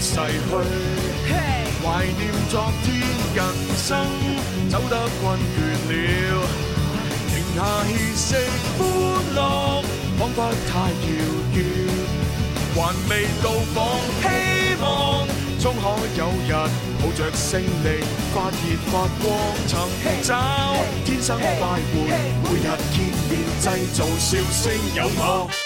逝去，Hey. 懷念昨天人生，走得困倦了。停下歇息，歡樂彷佛太遙遠，還未到訪希望。終可有日，抱着勝利發熱發光，尋找天生快活，每日鍛鍊製造笑聲有我。Hey.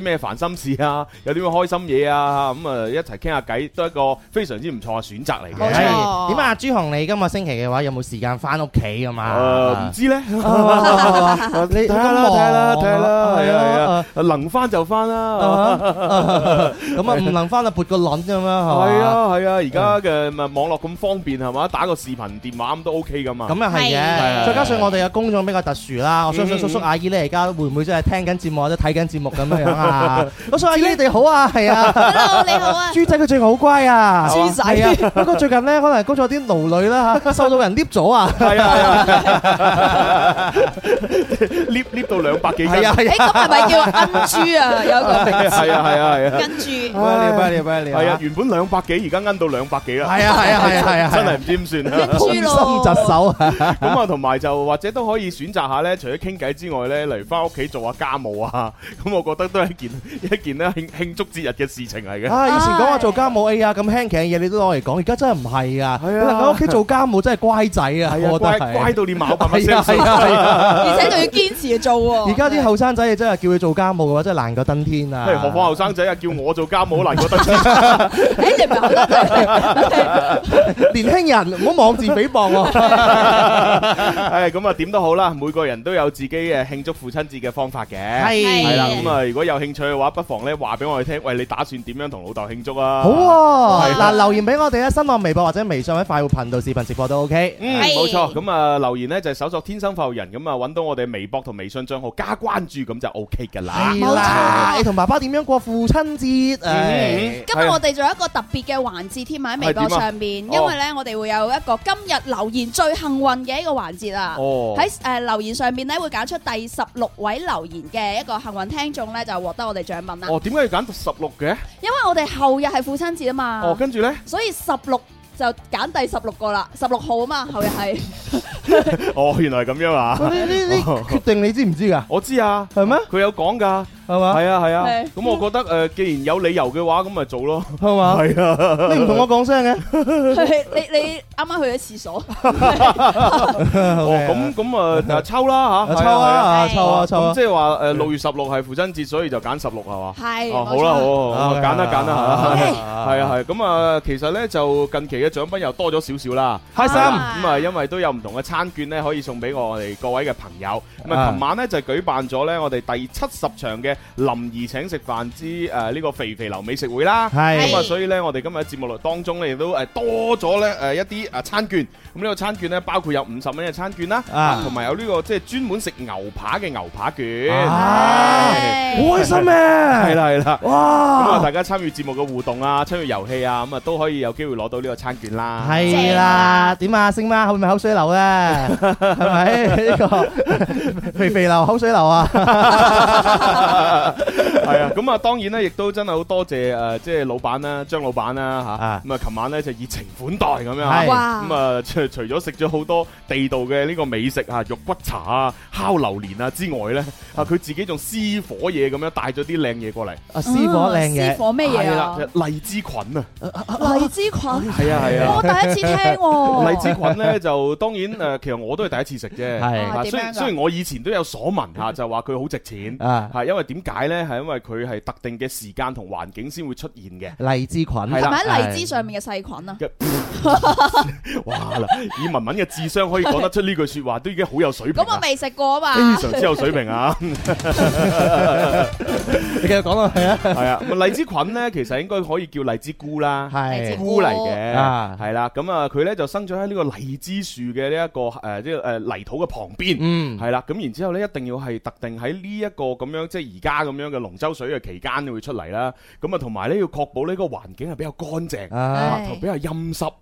咩煩心事啊？有啲咩開心嘢啊？咁啊，一齊傾下偈，都係一個非常之唔錯嘅選擇嚟嘅。點啊，朱紅，你今日星期嘅話有冇時間翻屋企咁嘛，唔知咧。你睇下啦，睇下啦，睇下啦。係啊係啊，能翻就翻啦。咁啊，唔能翻啊，撥個卵啫嘛。係啊係啊，而家嘅咪網絡咁方便係嘛，打個視頻電話咁都 OK 噶嘛。咁啊係嘅，再加上我哋嘅工作比較特殊啦，我相信叔叔阿姨咧而家會唔會真係聽緊節目或者睇緊節目咁樣啊？啊！我叔阿姨你哋好啊，係啊。Hello，你好啊。豬仔佢最近好乖啊。豬仔啊，不過最近咧，可能工作有啲勞累啦吓，受到人 lift 咗啊。係啊。lift lift 到兩百幾斤啊。係啊。誒，咁係咪叫奀豬啊？有個名詞。係啊係啊係啊。奀豬。拜你拜你拜你。係啊，原本兩百幾，而家奀到兩百幾啦。係啊係啊係啊係啊，真係唔知點算啊。好心扎手啊。咁啊，同埋就或者都可以選擇下咧，除咗傾偈之外咧，嚟翻屋企做下家務啊。咁我覺得都係。一件一件咧慶慶祝節日嘅事情嚟嘅。啊！以前講話做家務 A 啊，咁輕嘅嘢你都攞嚟講，而家真係唔係啊！喺屋企做家務真係乖仔啊，乖乖到連貓發乜聲，而且仲要堅持做。而家啲後生仔啊，真係叫佢做家務嘅話，真係難過登天啊！何況後生仔啊，叫我做家務都難過登天。哎，唔係後生，年輕人唔好妄自菲薄喎。係咁啊，點都好啦，每個人都有自己誒慶祝父親節嘅方法嘅。係係啦，咁啊，如果有興興趣嘅話，不妨咧話俾我哋聽。喂，你打算點樣同老豆慶祝啊？好啊，嗱、啊啊，留言俾我哋啦，新浪微博或者微信喺快活頻道視頻直播都 OK。嗯，冇錯、啊。咁啊，留言咧就是、搜索，天生快活人，咁啊，揾到我哋微博同微信賬號加關注，咁就 OK 噶啦。係啦、啊，冇錯，你同爸爸點樣過父親節？嗯嗯、今日我哋做一個特別嘅環節添，喺微博上面，啊、因為呢，我哋會有一個今日留言最幸運嘅一個環節啊。喺誒、哦呃、留言上面咧，會揀出第十六位留言嘅一個幸運聽眾咧，就獲。得我哋獎品啦！哦，點解要揀十六嘅？因為我哋後日係父親節啊嘛！哦，跟住咧，所以十六就揀第十六個啦，十六號啊嘛，後日係。 哦，原來係咁樣啊！呢呢決定你知唔知噶？ 我知啊，係咩嗎？佢有講噶。係嘛？係啊，係啊。咁我覺得誒，既然有理由嘅話，咁咪做咯，係嘛？係啊。你唔同我講聲嘅，你你啱啱去咗廁所。哦，咁咁啊，抽啦嚇，抽啊，抽啊，抽啊。即係話誒，六月十六係父親節，所以就揀十六係嘛？係。哦，好啦，好，咁啊，揀啊，揀啊，係啊，係。咁啊，其實咧就近期嘅獎品又多咗少少啦。開心咁啊，因為都有唔同嘅餐券咧，可以送俾我哋各位嘅朋友。咁啊，琴晚咧就舉辦咗咧，我哋第七十場嘅。林兒請食飯之誒呢個肥肥流美食會啦是，咁啊、嗯、所以咧我哋今日節目內當中咧亦都誒多咗咧誒一啲啊餐券，咁、嗯、呢、這個餐券咧包括有五十蚊嘅餐券啦，啊同埋、啊、有呢、這個即係專門食牛扒嘅牛扒券，係好開心啊，係啦係啦，哇！咁啊、嗯、大家參與節目嘅互動啊，參與遊戲啊，咁、嗯、啊都可以有機會攞到呢個餐券啦，係啦、啊，點正啊星媽可唔係口水流咧，係咪呢個肥肥流口水流啊？ 係啊，咁啊、 嗯，當然咧，亦都真係好多謝誒，即係老闆啦，張老闆啦，吓咁啊，琴、啊啊、晚咧就熱情款待咁樣，咁啊的哇、嗯，除咗食咗好多地道嘅呢個美食啊，肉骨茶啊，烤榴蓮啊之外咧，嗯、啊，佢自己仲私火嘢咁樣帶咗啲靚嘢過嚟，啊，私火靚嘢，私、嗯、火咩嘢、就是、啊， 啊？荔枝菌 啊，荔枝菌係啊係啊， 我第一次聽、哦。荔枝菌咧就當然誒，其實我都係第一次食啫，係的，雖然、啊啊啊啊、雖然我以前都有所聞吓，就話佢好值錢，係、啊、因為點？解咧，係因為佢係特定嘅時間同環境先會出現嘅荔枝菌，係喺的荔枝上面嘅細菌啊！ 哇！嗱，以文文嘅智商可以講得出呢句說話，都已經好有水平。咁我未食過啊嘛，非常之有水平啊！笑 你繼續講落去啦。係 啊，荔枝菌咧，其實應該可以叫荔枝菇啦，係咧菇嚟嘅，係啦。咁啊，佢咧就生長喺呢個荔枝樹嘅呢一個誒，即誒泥土嘅旁邊。嗯，係啦、這個。咁、呃呃呃呃、然之後咧，一定要係特定喺呢一個咁樣，即係 sy 家咁樣嘅龍舟水嘅期間就會出嚟啦，咁啊同埋咧要確保呢個環境係比較乾淨，啊，比較陰濕，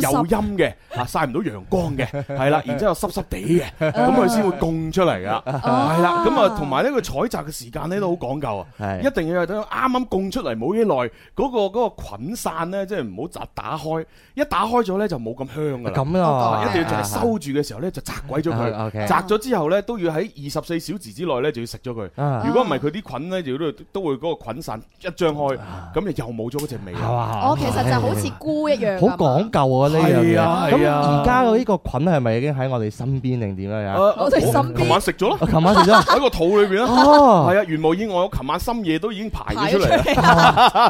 有陰嘅，吓晒唔到陽光嘅，係啦，然之後濕濕地嘅，咁佢先會供出嚟噶，係啦，咁啊同埋呢，佢採摘嘅時間咧都好講究啊，一定要係等啱啱供出嚟冇幾耐，嗰個個菌散咧，即係唔好摘打開，一打開咗咧就冇咁香啊，咁啊，一定要就係收住嘅時候咧就摘鬼咗佢，摘咗之後咧都要喺二十四小時之內咧就要食咗佢，如果唔係佢啲菌咧，就都都會嗰個菌傘一張開，咁你又冇咗嗰隻味，係嘛？我其實就好似菇一樣，好講究啊呢樣嘢。咁而家個呢個菌係咪已經喺我哋身邊定點啊？我喺身邊。琴晚食咗咯，琴晚食咗喺個肚裏邊啦。哦，係啊，如無意外我琴晚深夜都已經排咗出嚟。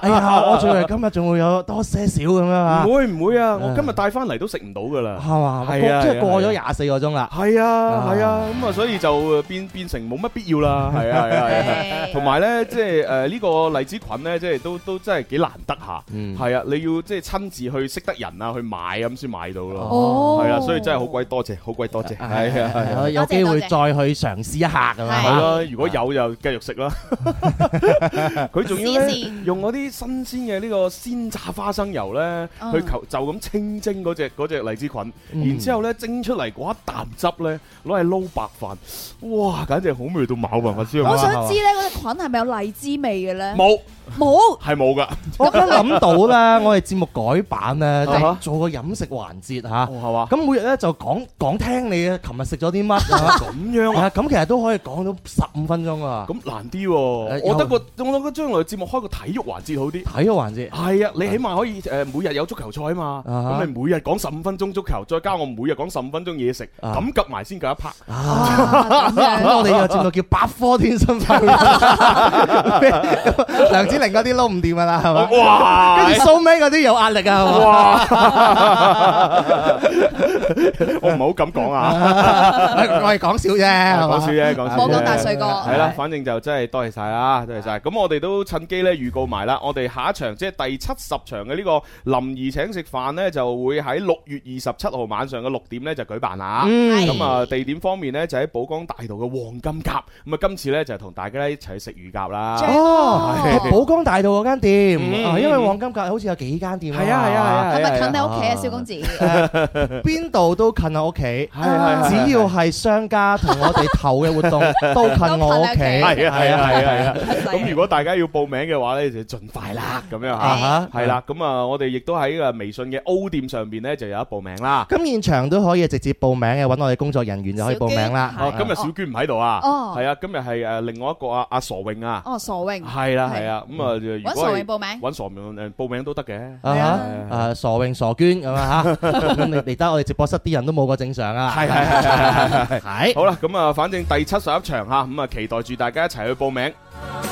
哎呀，我仲以為今日仲會有多些少咁啊！唔會唔會啊！我今日帶翻嚟都食唔到㗎啦。係嘛？係啊！即係過咗廿四個鐘啦。係啊，係啊，咁啊，所以就變變成冇乜必要啦。係啊，係啊。同埋咧，即係誒呢個荔枝菌咧，即係都都真係幾難得吓，係啊！你要即係親自去識得人啊，去買咁先買到咯。哦，係啊，所以真係好鬼多謝，好鬼多謝，係啊，有機會再去嘗試一下㗎嘛。係咯，如果有就繼續食啦。佢仲要用嗰啲新鮮嘅呢個鮮榨花生油咧，去求就咁清蒸嗰隻隻荔枝菌，然之後咧，蒸出嚟嗰一啖汁咧，攞嚟撈白飯，哇，簡直好味到冇辦法想啲咧嗰隻菌係咪有荔枝味嘅咧？冇。冇，係冇噶。我一諗到啦，我哋節目改版咧，做個飲食環節吓，係嘛？咁每日咧就講講聽你啊，琴日食咗啲乜？咁樣啊？咁其實都可以講到十五分鐘啊？咁難啲喎？我得個，我諗緊將來節目開個體育環節好啲。體育環節係啊，你起碼可以誒，每日有足球賽啊嘛。咁你每日講十五分鐘足球，再加我每日講十五分鐘嘢食，咁夾埋先夠一拍！啊我哋個節目叫百科天心菜。啲撈唔掂啊啦，係嘛？哇！跟住收尾嗰啲有壓力啊！哇！我唔好咁講啊！我係講笑啫，講笑啫，講笑啫。大帥哥，係啦，反正就真係多謝晒啊，多謝晒。咁我哋都趁機咧預告埋啦，我哋下一場即係第七十場嘅呢個林兒請食飯咧，就會喺六月二十七號晚上嘅六點咧就舉辦啦。咁啊地點方面咧就喺寶崗大道嘅黃金甲。咁啊今次咧就同大家咧一齊食乳鴿啦。哦。寶崗大道嗰間店，因為黃金閣好似有幾間店。係啊係啊係啊。係咪近你屋企啊，小公子？邊度都近啊，屋企。只要係商家同我哋投嘅活動，都近我屋企。係啊係啊係啊。咁如果大家要報名嘅話咧，就盡快啦。咁樣吓，係啦。咁啊，我哋亦都喺個微信嘅 O 店上邊咧，就有一報名啦。咁現場都可以直接報名嘅，揾我哋工作人員就可以報名啦。哦，今日小娟唔喺度啊。哦。係啊，今日係誒另外一個阿阿傻穎啊。哦，傻穎。係啦係啊。咁啊，揾傻永報名，揾傻永誒報名都得嘅， 啊啊傻永，傻娟咁啊吓，咁你嚟得我哋直播室啲人都冇個正常啊，係係係係係，係、 啊、好啦，咁啊，反正第七十一場嚇，咁啊、嗯，期待住大家一齊去報名。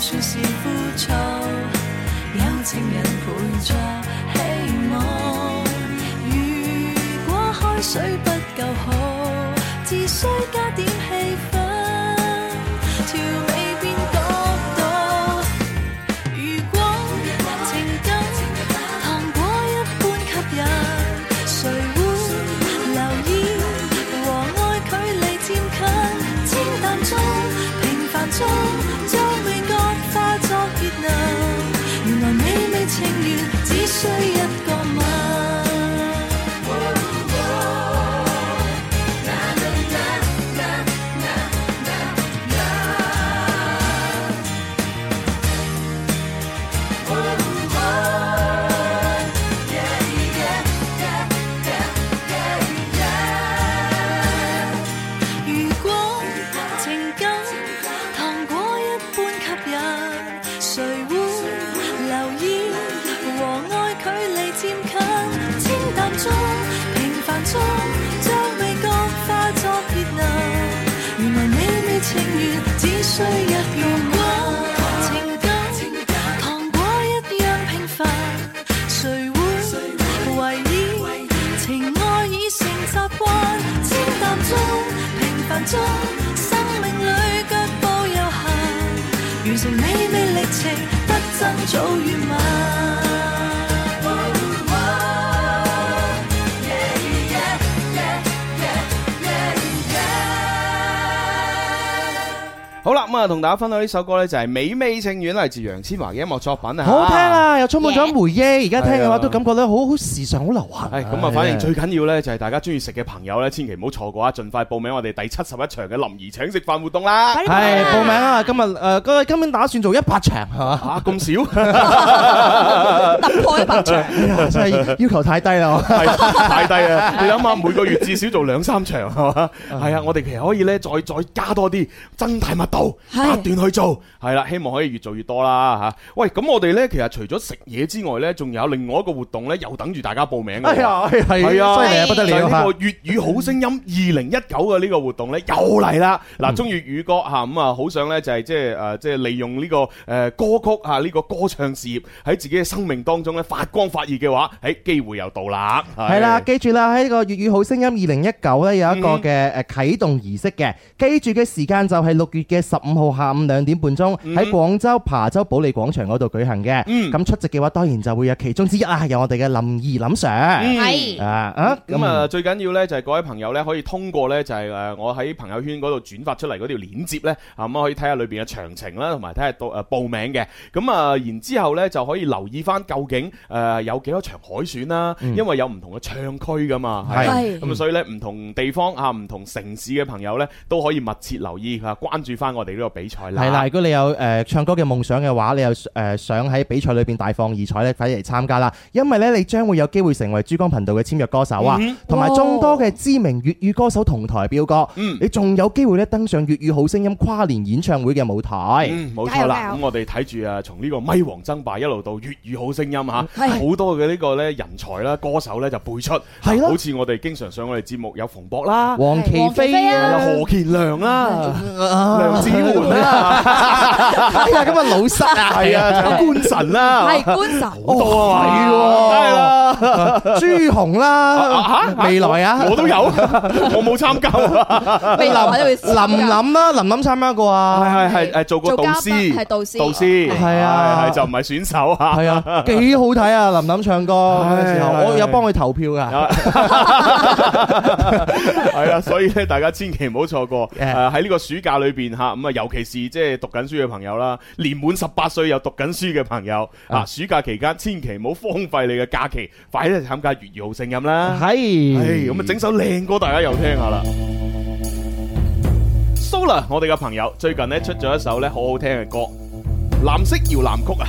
算是枯燥，有情人陪着希望。如果海水不夠好，自須加。同大家分享呢首歌呢，就係、是《美美情緣》，嚟自楊千嬅嘅音樂作品啊！好聽啊，又充滿咗回憶。而家 Yeah. 聽嘅話，都感覺咧好好時尚，好流行。咁啊，哎、反正最緊要呢，就係大家中意食嘅朋友呢，千祈唔好錯過啊！盡快報名我哋第七十一場嘅林兒請食飯活動啦！係報、哎、報名啊！今日誒，哥、呃，今日打算做一百場係嘛？吓咁、啊、少， 突破一百場，哎、真係要求太低啦， 太低啊！你諗下，每個月至少做兩三場係嘛？係 啊，我哋其實可以呢，再再加多啲，增大密度。不斷去做，係啦，希望可以越做越多啦嚇。喂，咁我哋咧，其實除咗食嘢之外咧，仲有另外一個活動咧，又等住大家報名㗎。係啊，係啊，係啊，犀利啊，不得了啊！呢個粵語好聲音二零一九嘅呢個活動咧，又嚟啦。嗱，中粵語歌嚇咁啊，好想咧就係即係誒，即係利用呢個誒歌曲嚇呢個歌唱事業喺自己嘅生命當中咧發光發熱嘅話，喺機會又到啦。係啦，記住啦，喺呢個粵語好聲音二零一九咧有一個嘅誒啟動儀式嘅，記住嘅時間就係六月嘅十五。號下午兩點半鐘喺、嗯、廣州琶洲保利廣場嗰度舉行嘅，咁、嗯、出席嘅話當然就會有其中之一啦，有我哋嘅林二林 Sir，係啊，咁啊最緊要呢，就係各位朋友呢，可以通過呢，就係誒我喺朋友圈嗰度轉發出嚟嗰條鏈接咧，咁可以睇下裏邊嘅詳情啦，同埋睇下到誒報名嘅，咁啊然之後呢，就可以留意翻究竟誒有幾多場海選啦，因為有唔同嘅唱區噶嘛，係咁啊，的嗯、所以呢，唔同地方啊唔同城市嘅朋友呢，都可以密切留意啊，關注翻我哋呢個。比賽啦，係啦！如果你有誒、呃、唱歌嘅夢想嘅話，你又誒、呃、想喺比賽裏邊大放異彩咧，快啲嚟參加啦！因為咧，你將會有機會成為珠江頻道嘅簽約歌手啊，同埋、mm hmm. 眾多嘅知名粵語歌手同台飆歌。嗯、mm，hmm. 你仲有機會咧登上粵語好聲音跨年演唱會嘅舞台。嗯，冇錯啦。咁、嗯、我哋睇住誒，從呢個咪王爭霸一路到粵語好聲音嚇、啊，好、mm hmm. 多嘅呢個咧人才啦，歌手咧就輩出。係、mm hmm. 的好似我哋經常上我哋節目有馮博啦、黃琪飛啊、何建良啊、啊！哎呀，今日，老實啊，係啊，官神啦，係官神，哦，係，係咯，朱紅啦，吓未來啊，我都有，我冇參加，未來林琳啦，林琳參加過啊，係係係，誒，做過導師，係導師，導師，係啊，係就唔係選手吓，係啊，幾好睇啊，林琳唱歌，我有幫佢投票噶，係啊，所以咧，大家千祈唔好錯過，誒，喺呢個暑假裏邊吓，咁啊有。.尤其是即係讀緊書嘅朋友啦，年滿十八歲又讀緊書嘅朋友，uh huh. 啊，暑假期間千祈唔好荒廢你嘅假期，快啲去參加粵語好聲音啦！係、uh，咁、huh. 啊、哎、整首靚歌大家又聽下啦。Sola，我哋嘅朋友最近呢出咗一首咧好好聽嘅歌《藍色搖籃曲》啊。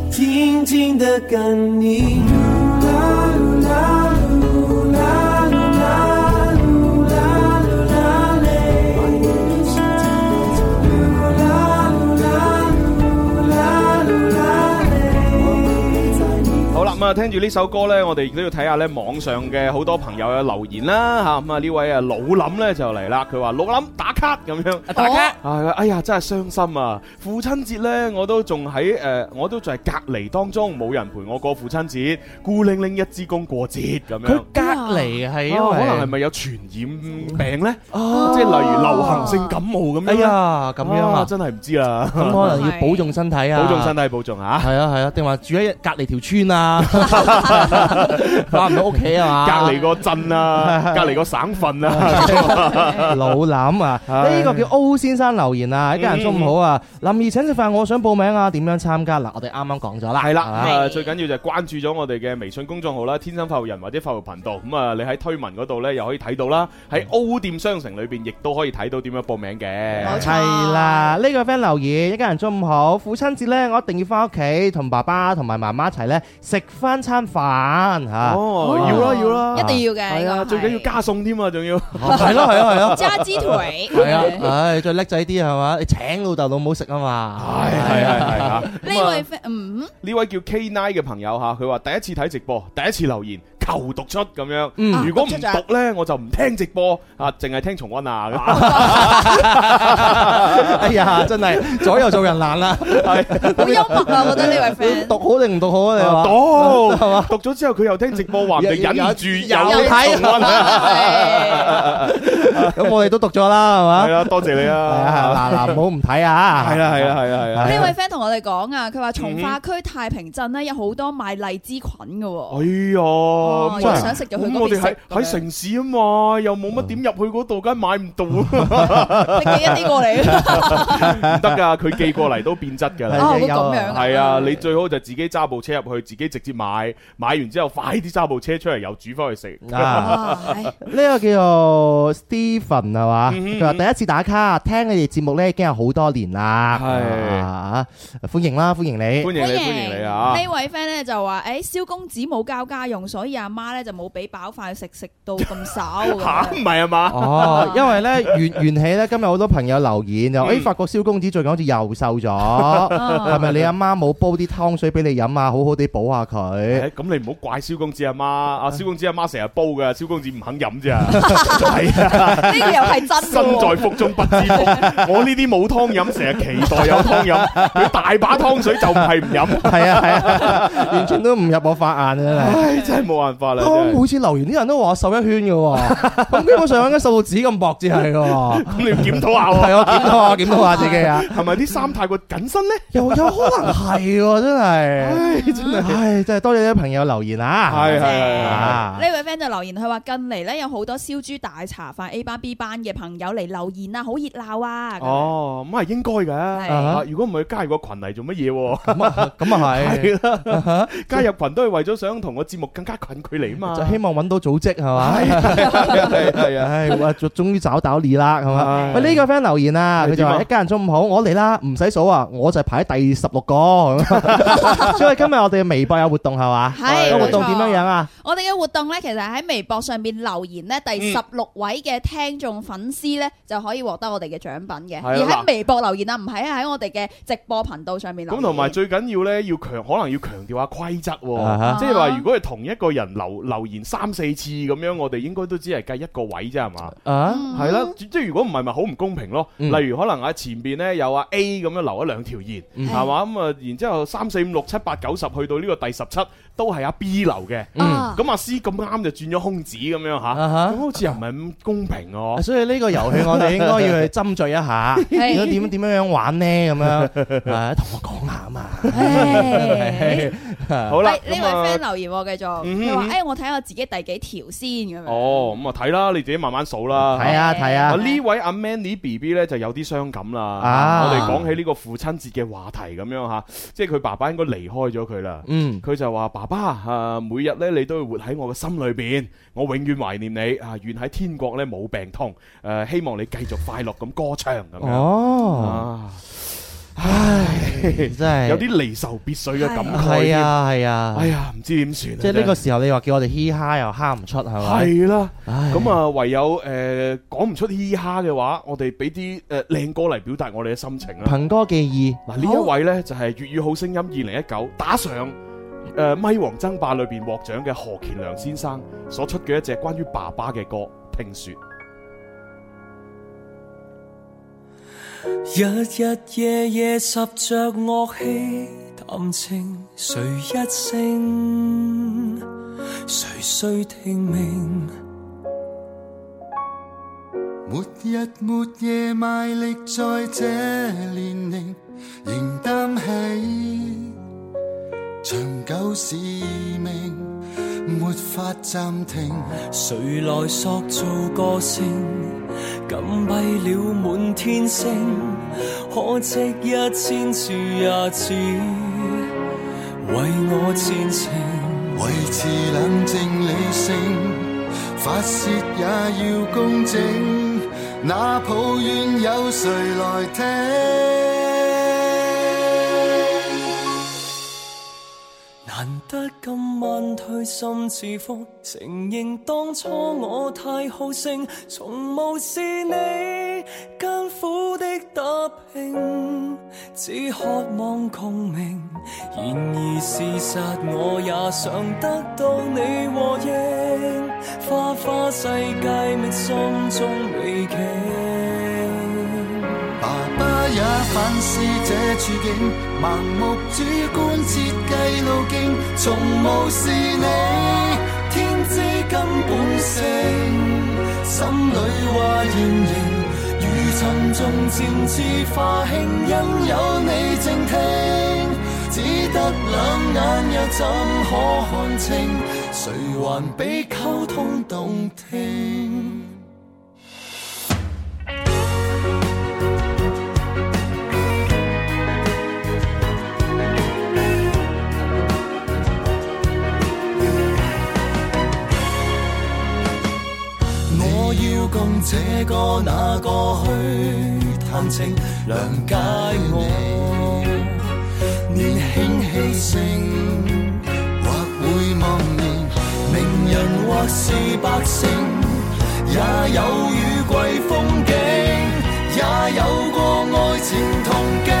靜靜的跟你。啊啊啊咁啊，聽住呢首歌咧，我哋亦都要睇下咧網上嘅好多朋友嘅留言啦嚇。咁啊，呢位啊老林咧就嚟啦，佢話老林打卡咁樣，打卡啊，哎呀，真係傷心啊！父親節咧，我都仲喺誒，我都仲喺隔離當中，冇人陪我過父親節，孤零零一支公過節咁樣。佢隔離係因為可能係咪有傳染病咧？啊，即係例如流行性感冒咁樣。哎呀，咁樣啊，真係唔知啊。咁可能要保重身體啊，保重身體，保重嚇。係啊係啊，定話住喺隔離條村啊？翻到屋企啊，隔籬個鎮啊，隔籬個省份啊， 老諗啊，呢 個叫 O 先生留言啊，嗯、一家人中午好啊，林兒請食飯，我想報名啊，點樣參加？嗱，我哋啱啱講咗啦，係啦是、啊，最緊要就係關注咗我哋嘅微信公眾號啦，天生發育人或者發育頻道，咁、嗯、啊，你喺推文嗰度呢，又可以睇到啦，喺 O 店商城裏邊亦都可以睇到點樣報名嘅，係、嗯、啦，呢、這個 friend 留言，一家人中午好，父親節呢，我一定要翻屋企同爸爸同埋媽媽一齊呢。」食。翻餐飯嚇，哦要啦要啦，一定要嘅，最緊要加餸添啊，仲要，係咯係啊係啊，加支腿，係啊，唉，再叻仔啲係嘛，你請老豆老母食啊嘛，係係係啊，呢位嗯呢位叫 K 奶嘅朋友嚇，佢話第一次睇直播，第一次留言。求讀出咁樣，如果唔讀咧，我就唔聽直播，啊，淨係聽重溫啊，哎呀，真係左右做人難啦，係。好幽默啊，我覺得呢位 friend 讀好定唔讀好啊？你話讀係嘛？讀咗之後佢又聽直播話，唔定忍住又睇。咁我哋都讀咗啦，係嘛？係啦，多謝你啦。嗱嗱，唔好唔睇啊！係啦係啦係啦係啦。呢位 friend 同我哋講啊，佢話從化區太平鎮咧有好多賣荔枝菌嘅。哎呀！咁我哋喺喺城市啊嘛，又冇乜點入去嗰度，梗係買唔到。寄一啲過嚟，唔得噶，佢寄過嚟都變質噶啦。哦，咁樣係啊，你最好就自己揸部車入去，自己直接買，買完之後快啲揸部車出嚟，又煮翻去食。呢個叫做 Stephen 係嘛？佢話第一次打卡，聽你哋節目咧已經有好多年啦。係歡迎啦，歡迎你，歡迎你，歡迎你啊！呢位 friend 咧就話，誒，蕭公子冇交家用，所以阿媽咧就冇俾飽飯食，食到咁瘦吓，唔係啊嘛哦，因為咧源源起咧今日好多朋友留言又，哎，發覺蕭公子最近好似又瘦咗，係咪你阿媽冇煲啲湯水俾你飲啊？好好地補下佢。咁你唔好怪蕭公子阿媽，阿蕭公子阿媽成日煲噶，蕭公子唔肯飲咋？係啊，呢啲又係真。身在福中不知福，我呢啲冇湯飲，成日期待有湯飲，你大把湯水就唔係唔飲，係啊係啊，完全都唔入我法眼啊！真係真係冇人。我每次留言啲人都話我瘦一圈嘅，咁基本上應該瘦到紙咁薄至係。咁你唔檢討下？係，我檢討啊，檢討下自己啊，係咪啲衫太過緊身咧？又有可能係，真係，真係，真係多謝啲朋友留言啊！係係，呢位 friend 就留言佢話近嚟咧有好多燒豬大茶飯 A 班 B 班嘅朋友嚟留言啦，好熱鬧啊！哦，咁係應該嘅，如果唔係加入個群嚟做乜嘢？咁啊，咁啊係，加入群都係為咗想同個節目更加近。佢嚟嘛，就希望揾到組織係嘛，係啊，唉，啊，終終於找到你啦，係嘛？喂，呢個 friend 留言啊，佢就話一家人中午好，我嚟啦，唔使數啊，我就排喺第十六個。所以今日我哋嘅微博有活動係嘛？係，活動點樣樣啊？我哋嘅活動咧，其實喺微博上邊留言咧，第十六位嘅聽眾粉絲咧，就可以獲得我哋嘅獎品嘅。而喺微博留言啊，唔係喺我哋嘅直播頻道上面留言。咁同埋最緊要咧，要強可能要強調下規則喎，即係話如果係同一個人。留留言三四次咁樣，我哋應該都只係計一個位啫，係嘛？啊、uh，係、huh. 啦，即係如果唔係，咪好唔公平咯。Mm. 例如可能喺前邊呢，有啊 A 咁樣留咗兩條言，係嘛？咁啊，然之後三四五六七八九十，去到呢個第十七。都係阿 B 流嘅，咁阿 C 咁啱就轉咗空子咁樣吓，咁好似又唔係咁公平喎。所以呢個遊戲我哋應該要去斟酌一下，點樣點樣樣玩呢？咁樣同我講下啊嘛。好啦，呢位 friend 留言繼續，佢話：哎，我睇下自己第幾條先咁樣。哦，咁啊睇啦，你自己慢慢數啦。睇啊睇啊！呢位阿 Manny B B 咧就有啲傷感啦。我哋講起呢個父親節嘅話題咁樣吓，即係佢爸爸應該離開咗佢啦。嗯，佢就話爸爸啊，每日咧你都要活喺我嘅心裏邊，我永遠懷念你啊！願喺天國咧冇病痛，誒，希望你繼續快樂咁歌唱咁樣。哦，唉，真係有啲離愁別緒嘅感覺添。係啊，係啊，哎呀，唔知點算啊！即係呢個時候，你話叫我哋嘻哈又喊唔出，係咪？係啦，咁啊，唯有誒講唔出嘻哈嘅話，我哋俾啲誒靚歌嚟表達我哋嘅心情啦。憑歌寄意，嗱呢一位咧就係粵語好聲音二零一九打賞。誒《咪王、uh, 爭霸》裏邊獲獎嘅何乾良先生所出嘅一隻關於爸爸嘅歌，聽説。日日夜夜拾着樂器談情，誰一聲，誰需聽明？沒日沒夜賣力，在這年齡仍擔起。長久使命沒法暫停，誰來塑造個性？關閉了滿天星，可惜一千次也只為我前程，維持冷靜理性，發洩也要公正。那抱怨有誰來聽？得今晚退，心似痛，承認當初我太好勝，從無視你艱苦的打拼，只渴望共鳴。然而事實我也想得到你和應，花花世界覓心中美景。也反思這處境，盲目主觀設計路徑，從無視你天知根本性，心裏話言言如沉重靜，次化輕因有你靜聽，只得冷眼又怎可看清，誰還比溝通動聽？用這個那個去談情，諒解我。年輕氣盛，或會茫然。名人或是百姓，也有雨季風景，也有過愛情痛經。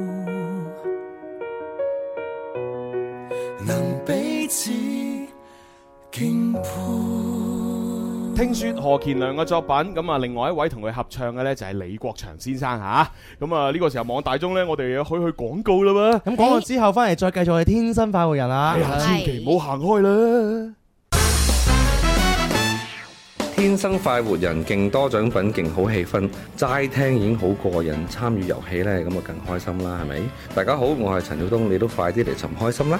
聽說何乾良嘅作品，咁啊，另外一位同佢合唱嘅呢就係李國祥先生吓，咁啊呢個時候望大鐘呢，我哋要去去廣告啦噃，咁講、嗯、完之後翻嚟再繼續係天生快活人啊，哎、呀千祈唔好行開啦！天生快活人勁多獎品，勁好氣氛，齋聽已經好過癮，參與遊戲呢，咁啊更開心啦，係咪？大家好，我係陳曉東，你都快啲嚟尋開心啦！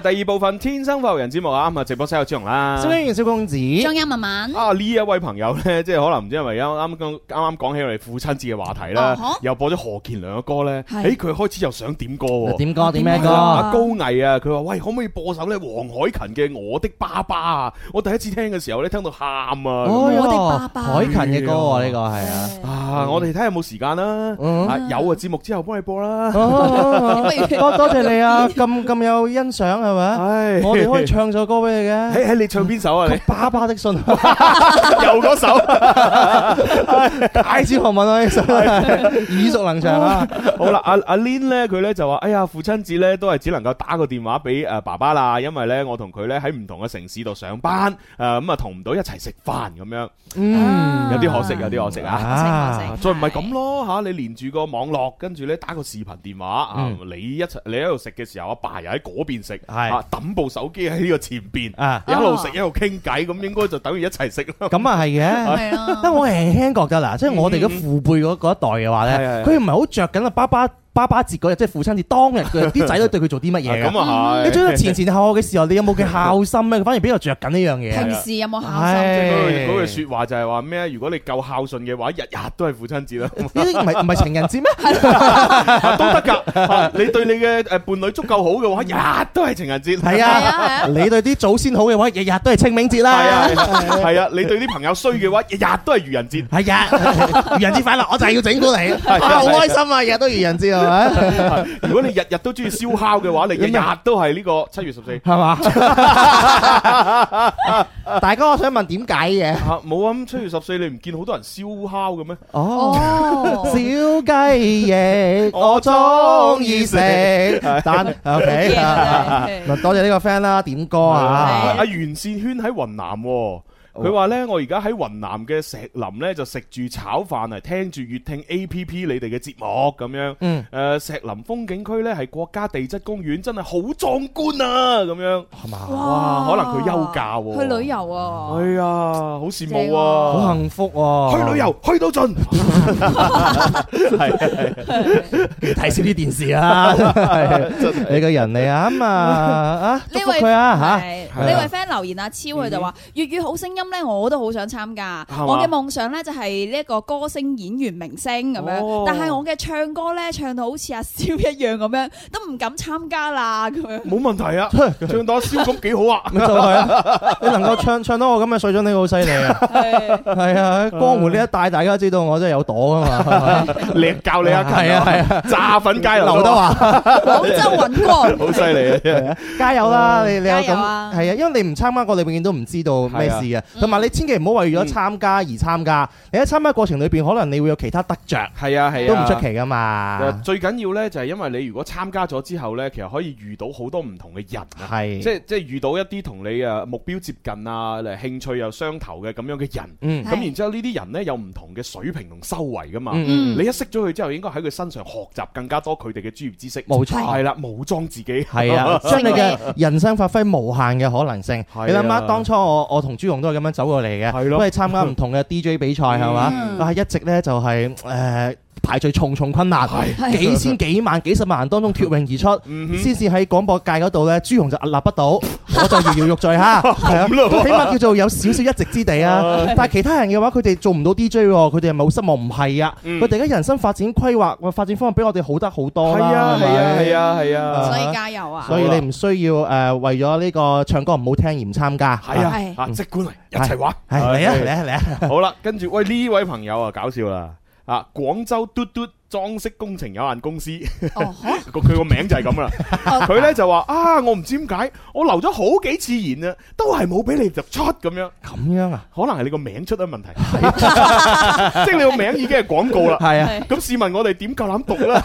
第二部分天生浮人節目啊，咁啊直播室有志雄啦，小英、小公子、張欣文文啊，呢一位朋友咧，即係可能唔知係咪因啱啱啱啱講起我哋父親節嘅話題啦，又播咗何健良嘅歌咧，喺佢開始又想點歌，點歌點咩歌？高毅啊，佢話喂，可唔可以播首咧黃海芹嘅我的爸爸啊？我第一次聽嘅時候咧，聽到喊啊！哦，我的爸爸，海芹嘅歌啊，呢個係啊，啊我哋睇下有冇時間啦，有啊節目之後幫你播啦，多多謝你啊，咁咁有欣賞。係唉我哋可以唱首歌俾你嘅。誒誒唉，你唱邊首啊？你啊爸爸的信 又嗰首手，大智若愚啊！耳熟能詳啊！好啦，阿阿 Lin 咧，佢咧就話：，哎呀，父親節咧都係只能夠打個電話俾誒爸爸啦，因為咧我同佢咧喺唔同嘅城市度上班，誒咁啊同唔到一齊食飯咁樣。嗯，有啲可惜，有啲可惜啊！惜惜再唔係咁咯，吓你連住個網絡，跟住咧打個視頻電話啊、嗯，你一齊你喺度食嘅時候，阿爸,爸又喺嗰邊食。係是啊，抌部手機喺呢個前邊啊，一路食一路傾偈，咁應該就等於一齊食咯。咁啊係嘅，因為 我輕輕覺得啦， 即係我哋嘅父輩嗰一代嘅話咧，佢唔係好着緊啊，爸爸。爸爸節嗰日即係父親節，當日佢啲仔女對佢做啲乜嘢？咁啊！你做咗前前後後嘅時候，你有冇嘅孝心咧？反而比較着緊呢樣嘢？平時有冇孝心？嗰句説話就係話咩如果你夠孝順嘅話，日日都係父親節啦。呢啲唔係唔係情人節咩？都得㗎。你對你嘅誒伴侶足夠好嘅話，日日都係情人節。係啊，你對啲祖先好嘅話，日日都係清明節啦。係啊，你對啲朋友衰嘅話，日日都係愚人節。係啊，愚人節快樂！我就係要整蠱你，好開心啊！日日都愚人節啊！如果你日日都中意燒烤嘅話，你日日都係呢個七月十四，係嘛？大哥，我想問點解嘅？冇啊！七月十四你唔見好多人燒烤嘅咩？哦，小雞翼，我中意食。但 OK，嗱，多謝呢個 friend 啦，點歌啊？阿袁善軒喺雲南。佢話咧，我而家喺雲南嘅石林咧，就食住炒飯啊，聽住粵聽 APP 你哋嘅節目咁樣。嗯。誒，石林風景區咧係國家地質公園，真係好壯觀啊！咁樣係嘛？哇！可能佢休假喎，去旅遊啊！係啊，好羨慕啊，好幸福啊！去旅遊去到盡，係係。睇少啲電視啊你個人嚟啊啊啊！祝福佢啊嚇！你位 friend 留言阿超佢就話粵語好聲音。我都好想參加，我嘅夢想咧就係呢一個歌星、演員、明星咁樣。但係我嘅唱歌咧唱到好似阿蕭一樣咁樣，都唔敢參加啦咁樣。冇問題啊，唱到阿蕭咁幾好啊，就係啊，你能夠唱唱到我咁嘅水準，你好犀利啊！係啊，喺江湖呢一帶，大家知道我真係有朵噶嘛，你教你一計啊，係啊，炸粉雞劉德華，廣州雲歌，好犀利啊！加油啦，你你有咁係啊？因為你唔參加過，你永遠都唔知道咩事嘅。同埋你千祈唔好為咗參加而參加，你喺參加過程裏邊，可能你會有其他得着，係啊係啊，都唔出奇噶嘛。最緊要呢，就係因為你如果參加咗之後呢，其實可以遇到好多唔同嘅人，即係遇到一啲同你啊目標接近啊、嚟興趣又相投嘅咁樣嘅人，嗯，咁然之後呢啲人呢，有唔同嘅水平同修為噶嘛，你一識咗佢之後，應該喺佢身上學習更加多佢哋嘅專業知識，冇錯，係啦，武裝自己，係啊，將你嘅人生發揮無限嘅可能性。你諗下，當初我我同朱紅都係咁。咁走過嚟嘅，的都係參加唔同嘅 DJ 比賽係嘛？但係、嗯、一直咧就係、是、誒、呃、排除重重困難，哎、呀幾千幾萬幾十萬人當中脫穎而出，先至喺廣播界嗰度咧，朱紅就屹立不倒。 我就搖搖欲墜哈，係、hmm. 嗯、啊，都起碼叫做有少少一席之地啊。但係其他人嘅話，佢哋做唔到 DJ，佢哋係咪好失望？唔係啊，佢哋嘅人生發展規劃，發展方案比我哋好得好多啦。係啊，係啊，係啊，係啊。所以加油啊！所以你唔需要誒、呃，為咗呢個唱歌唔好聽而唔參加。係啊，啊，啊即管嚟，一齊玩，嚟啊，嚟啊，嚟啊！好啦，跟住喂呢位朋友啊，搞笑啦啊，廣州嘟嘟。裝飾工程有限公司，佢個名就係咁啦。佢咧就話啊，我唔知點解，我留咗好幾次言啊，都係冇俾你入出咁樣。咁樣啊，可能係你個名出咗問題，即係你個名已經係廣告啦。係啊，咁試問我哋點夠膽讀啦？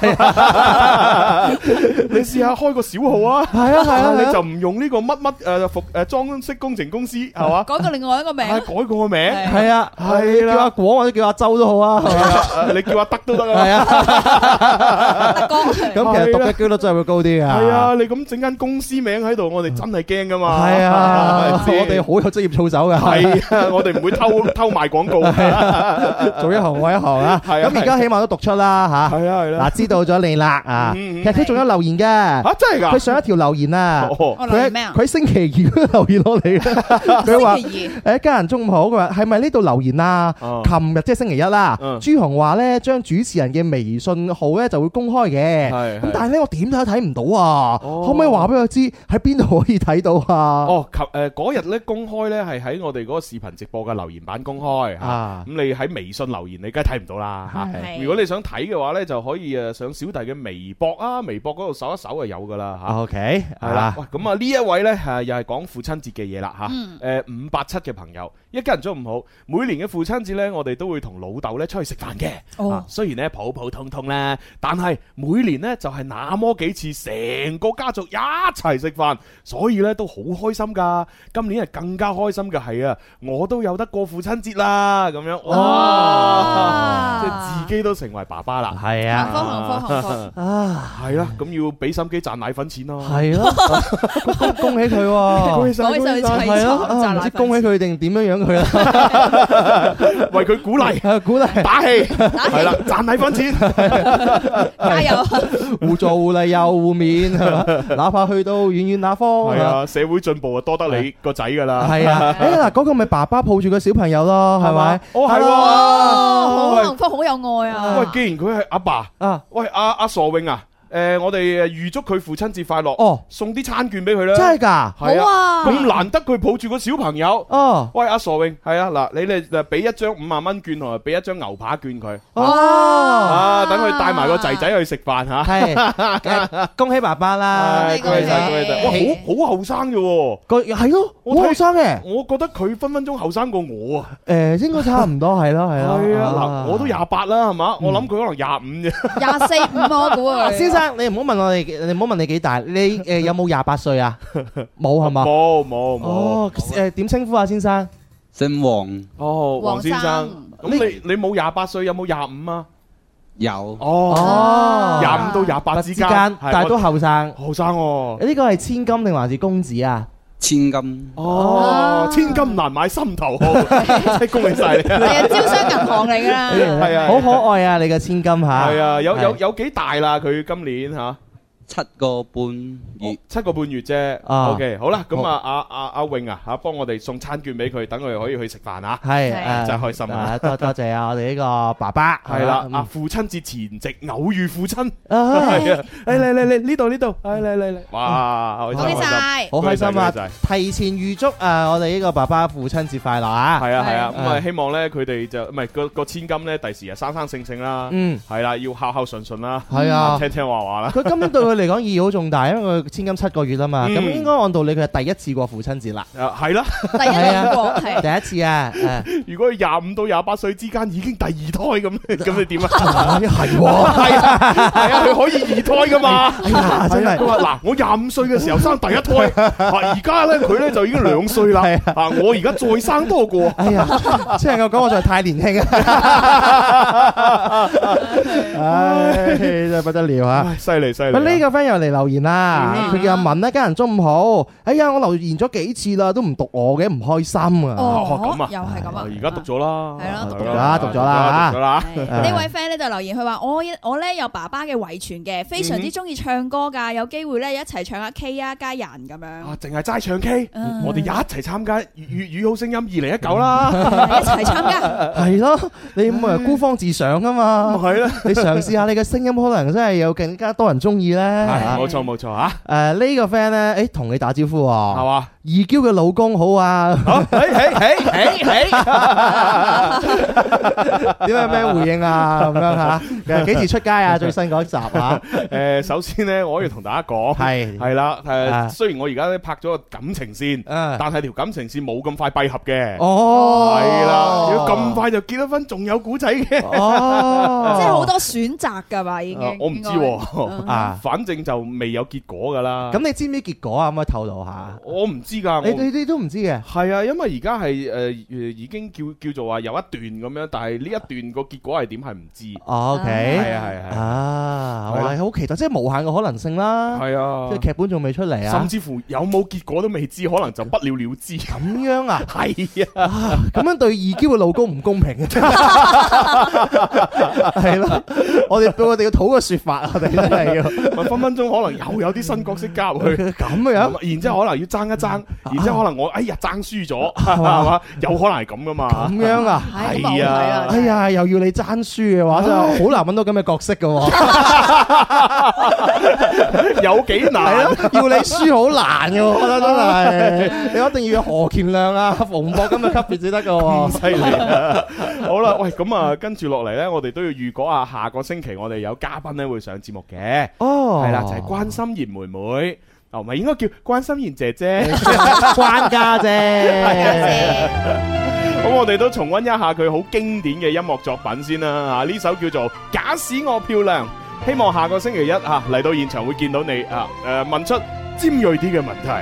你試下開個小號啊，係啊係啊，你就唔用呢個乜乜誒服誒裝飾工程公司係嘛？改個另外一個名，改個名係啊，係啦，叫阿果或者叫阿周都好啊，係啊，你叫阿德都得啊，係啊。哈哈哈！咁其實讀得幾率真係會高啲啊！係啊，你咁整間公司名喺度，我哋真係驚噶嘛！係啊，我哋好有職業操守噶。係啊，我哋唔會偷偷賣廣告。做一行愛一行啦。係咁，而家起碼都讀出啦吓。係啊係啦。嗱，知道咗你啦啊！其實佢仲有留言嘅。啊，真係噶！佢上一條留言啊，佢咩啊？佢星期二留言落嚟啦。星期二。誒，家人中午好。佢話係咪呢度留言啊？琴日即係星期一啦。朱紅話咧，將主持人嘅微。微信號咧就會公開嘅，咁但係咧我點睇都睇唔到啊，可唔可以話俾我知喺邊度可以睇到啊？哦，及誒嗰日咧公開咧係喺我哋嗰個視頻直播嘅留言版公開，咁你喺微信留言你梗係睇唔到啦，如果你想睇嘅話咧就可以誒上小弟嘅微博啊，微博嗰度搜一搜就有噶啦吓。OK，係啦，咁啊呢一位咧吓又係講父親節嘅嘢啦吓，誒五八七嘅朋友，一家人都唔好，每年嘅父親節咧我哋都會同老豆咧出去食飯嘅，雖然咧普普。痛痛咧，但係每年咧就係那麼幾次，成個家族一齊食飯，所以咧都好開心噶。今年係更加開心嘅，係啊，我都有得過父親節啦，咁樣哇，即係自己都成為爸爸啦，係啊，方行方啊，係啊，咁要俾心機賺奶粉錢囉，係咯，恭恭喜佢，恭喜晒，係啊，唔知恭喜佢定點樣養佢啊，為佢鼓勵，鼓勵打氣，係啦，賺奶粉錢。 加油 胡胡！互助互勵又互勉，哪怕去到遠遠那方。係 啊，社會進步啊，多得你個仔噶啦。係啊，誒嗱、啊，嗰、 啊那個咪爸爸抱住個小朋友咯，係咪？哦，係、啊，好幸福，好哇有愛啊喂！喂，既然佢係阿爸，爸啊，喂阿阿傻永啊。啊啊啊啊啊啊。誒，我哋預祝佢父親節快樂哦，送啲餐券俾佢啦。真係噶，好啊！咁難得佢抱住個小朋友，哦，喂阿傻永，係啊嗱，你哋誒俾一張五萬蚊券同埋俾一張牛扒券佢，哇！啊，等佢帶埋個仔仔去食飯吓，恭喜爸爸啦！恭喜恭喜！哇，好好後生嘅喎，佢係咯，好後生嘅，我覺得佢分分鐘後生過我啊！誒，應該差唔多係啦，係啦，係啊，嗱，我都廿八啦，係嘛，我諗佢可能廿五啫，廿四五我估啊，先生。你唔好問我哋，你唔好問，你幾大？你誒、呃、有冇廿八歲啊？冇係嘛？冇冇冇。啊、哦，誒點稱呼啊，先生？姓黃王。哦，黃先生。咁你你冇廿八歲，有冇廿五啊？有。哦，廿五到廿八之間，但係都後生。後生哦。呢個係千金定還是公子啊？千金哦，千金難買心頭好，真係恭喜晒你！係啊，招商銀行嚟噶啦，係啊，好 可愛啊！你個千金吓，係啊，啊，有有有幾大啦？佢今年吓。啊七個半月，七個半月啫。OK，好啦，咁啊，阿阿阿穎啊，吓幫我哋送餐券俾佢，等佢可以去食飯啊。係真開心啊！多多謝啊，我哋呢個爸爸係啦，阿父親節前夕偶遇父親，係啊，嚟嚟嚟嚟，呢度呢度，嚟嚟嚟，哇，好開心啊！好開心啊！提前預祝啊，我哋呢個爸爸父親節快樂啊！係啊係啊，咁啊希望咧佢哋就唔係個千金咧，第時啊生生性性啦，嗯，係啦，要孝孝順順啦，係啊，聽聽話話啦，佢今日對佢。嚟講意義好重大，因為佢千金七個月啊嘛，咁應該按道理佢係第一次過父親節、嗯、啦。啊，係啦，第一個係第一次啊！ 如果佢廿五到廿八歲之間已經第二胎咁，咁你點啊？係係、哎、 啊，係佢、啊啊啊、可以二胎噶嘛？哎、真係嗱， 我廿五歲嘅時候生第一胎，而家咧佢咧就已經兩歲啦。 啊、我而家再生多個、 哎 哎，真係咁我就太年輕啦！唉，真係不得了啊、哎！犀利犀利，呢、哎哎這個。friend 又嚟留言啦，佢又問一家人中午好？哎呀，我留言咗幾次啦，都唔讀我嘅，唔開心啊！哦，咁啊，又係咁啊！而家讀咗啦，係咯，讀咗啦，讀咗啦。呢位 friend 咧就留言，佢話：我我咧有爸爸嘅遺傳嘅，非常之中意唱歌㗎，有機會咧一齊唱下 K 啊，家人咁樣。啊，淨係齋唱 K？我哋一齊參加粵語好聲音二零一九啦！一齊參加，係咯，你咁係孤芳自賞啊嘛？係啦，你嘗試下你嘅聲音，可能真係有更加多人中意咧。係冇錯冇錯吓，誒呢個 friend 咧，誒同你打招呼係嘛？二嬌嘅老公好啊好，誒誒有咩回應啊咁樣吓，幾時出街啊？最新嗰集啊。誒首先咧我要同大家講，係係啦，誒雖然我而家咧拍咗個感情線，但係條感情線冇咁快閉合嘅，哦，係啦，要咁快就結咗婚？仲有古仔嘅哦，即係好多選擇噶嘛，應該我唔知啊。反正就未有結果噶啦，咁你知唔知結果啊？可唔可以透露下？我唔知噶，你哋都唔知嘅。係啊，因為而家係誒，已經叫叫做話有一段咁樣，但係呢一段個結果係點，係唔知。哦，OK，係啊，係啊，啊，係好期待，即係無限嘅可能性啦。係啊，即係劇本仲未出嚟，啊，甚至乎有冇結果都未知，可能就不了了之。咁樣啊？係啊，咁樣對二嬌嘅老公唔公平嘅，係咯？我哋我哋要討個說法啊！我哋真係分分鐘可能又有啲新角色加入去，咁啊，然之後可能要爭一爭，然之後可能我哎呀爭輸咗，係嘛，有可能係咁噶嘛。咁樣啊，係啊，哎呀，又要你爭輸嘅話，就好難揾到咁嘅角色噶，有幾難，要你輸好難噶，我覺得真係，你一定要何建亮啊、馮博咁嘅級別先得噶，犀利，好啦，喂，咁啊，跟住落嚟呢，我哋都要預果啊，下個星期我哋有嘉賓呢會上節目嘅，哦。係啦，就係關心妍妹妹，啊唔係應該叫關心妍姐姐，關家姐。咁我哋都重溫一下佢好經典嘅音樂作品先啦，吓呢首叫做《假使我漂亮》，希望下個星期一吓嚟到現場會見到你啊，誒，問出尖銳啲嘅問題。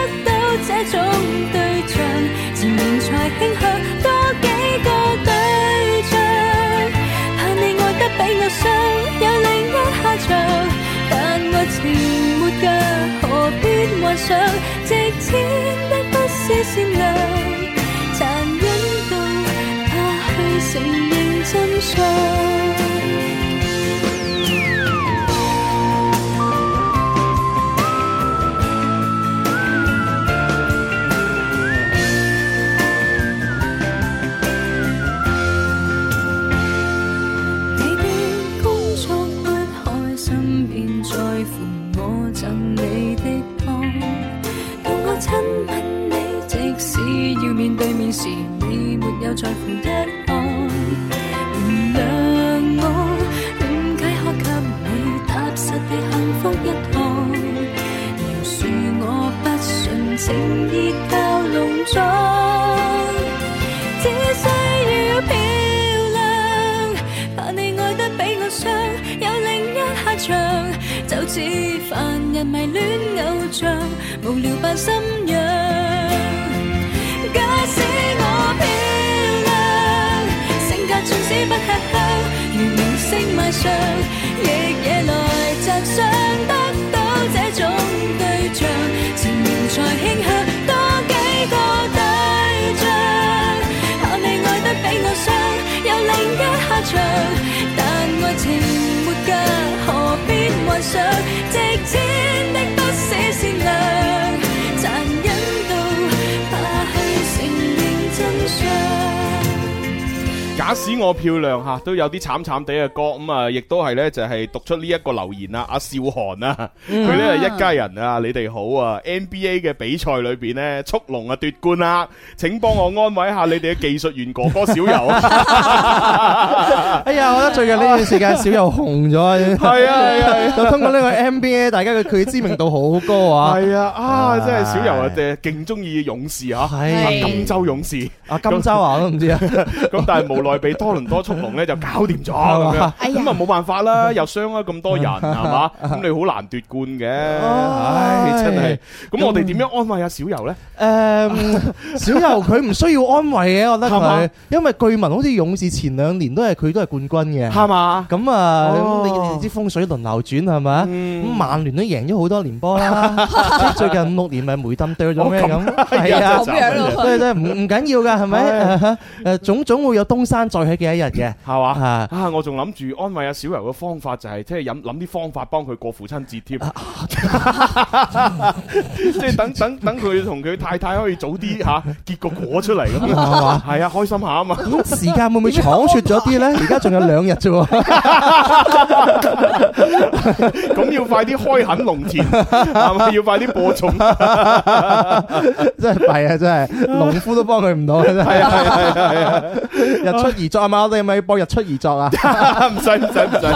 這種對象，自然才傾向多幾個對象。怕你愛得比我傷，有另一下場。但愛情沒價，何必幻想？值錢的不是善良，殘忍到怕去承認真相。上下都有啲慘慘地嘅歌，咁啊，亦都係咧，就係讀出呢一個留言啦。阿少韓啊，佢咧係一家人啊，你哋好啊！NBA 嘅比賽裏邊咧，速龍啊奪冠啦，請幫我安慰一下你哋嘅技術員哥哥小游啊。哎呀，我覺得最近呢段時間小游紅咗啊，係啊係啊，就通過呢個 NBA，大家嘅佢知名度好高啊。係啊，啊真係小游啊，誒勁中意勇士吓，係金州勇士。阿金州啊，我都唔知啊。咁但係無奈被多倫多衝就搞掂咗咁樣，啊冇辦法啦，又傷咗咁多人係嘛，咁你好難奪冠嘅，唉真係。咁我哋點樣安慰下小柔呢？誒，小柔佢唔需要安慰嘅，我覺得因為據聞好似勇士前兩年都係佢都係冠軍嘅，係嘛？咁啊，你知風水輪流轉係咪？咁曼聯都贏咗好多年波啦，最近五六年咪梅登掉咗咩咁？係啊，所以都唔唔緊要㗎，係咪？誒總總會有東山再起嘅一日嘅。係嘛啊，啊！我仲諗住安慰阿小柔嘅方法就係即係諗諗啲方法幫佢過父親節添， 即係等等等佢同佢太太可以早啲吓，啊、結個果出嚟，係嘛吧？係啊，開心下啊嘛！時間會唔會倉促咗啲咧？而家仲有兩日啫，咁 要快啲開墾農田，係咪？要快啲播種， 真係弊啊！真係農夫都幫佢唔到啊！真係， 日出而作啊嘛！我哋咪。播日出而作啊，唔使唔使唔使，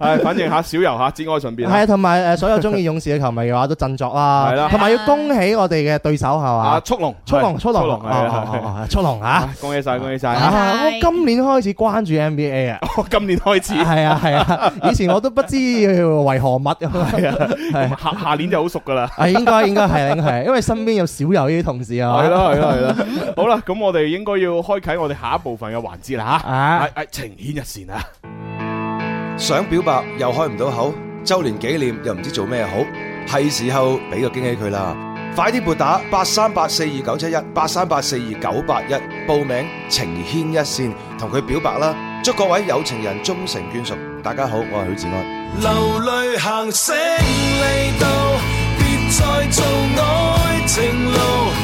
唉，反正吓小游下，節哀順變。係啊，同埋誒，所有中意勇士嘅球迷嘅話都振作啦。係啦，同埋要恭喜我哋嘅對手係嘛，速龍速龍速龍，速龍吓，恭喜晒恭喜晒。我今年開始關注 NBA 啊，今年開始係啊係啊，以前我都不知為何物。係啊係，下年就好熟噶啦。係應該應該係應該係，因為身邊有小游呢啲同事啊。係咯係咯係咯。好啦，咁我哋應該要開啟我哋下一部分嘅環節啦吓。情牽一線啊！想表白又開唔到口，周年紀念又唔知做咩好，係時候俾個驚喜佢啦！快啲撥打八三八四二九七一八三八四二九八一報名情牽一線，同佢表白啦！祝各位有情人終成眷屬，大家好，我係許志安。流淚行星嚟到別再做愛情路。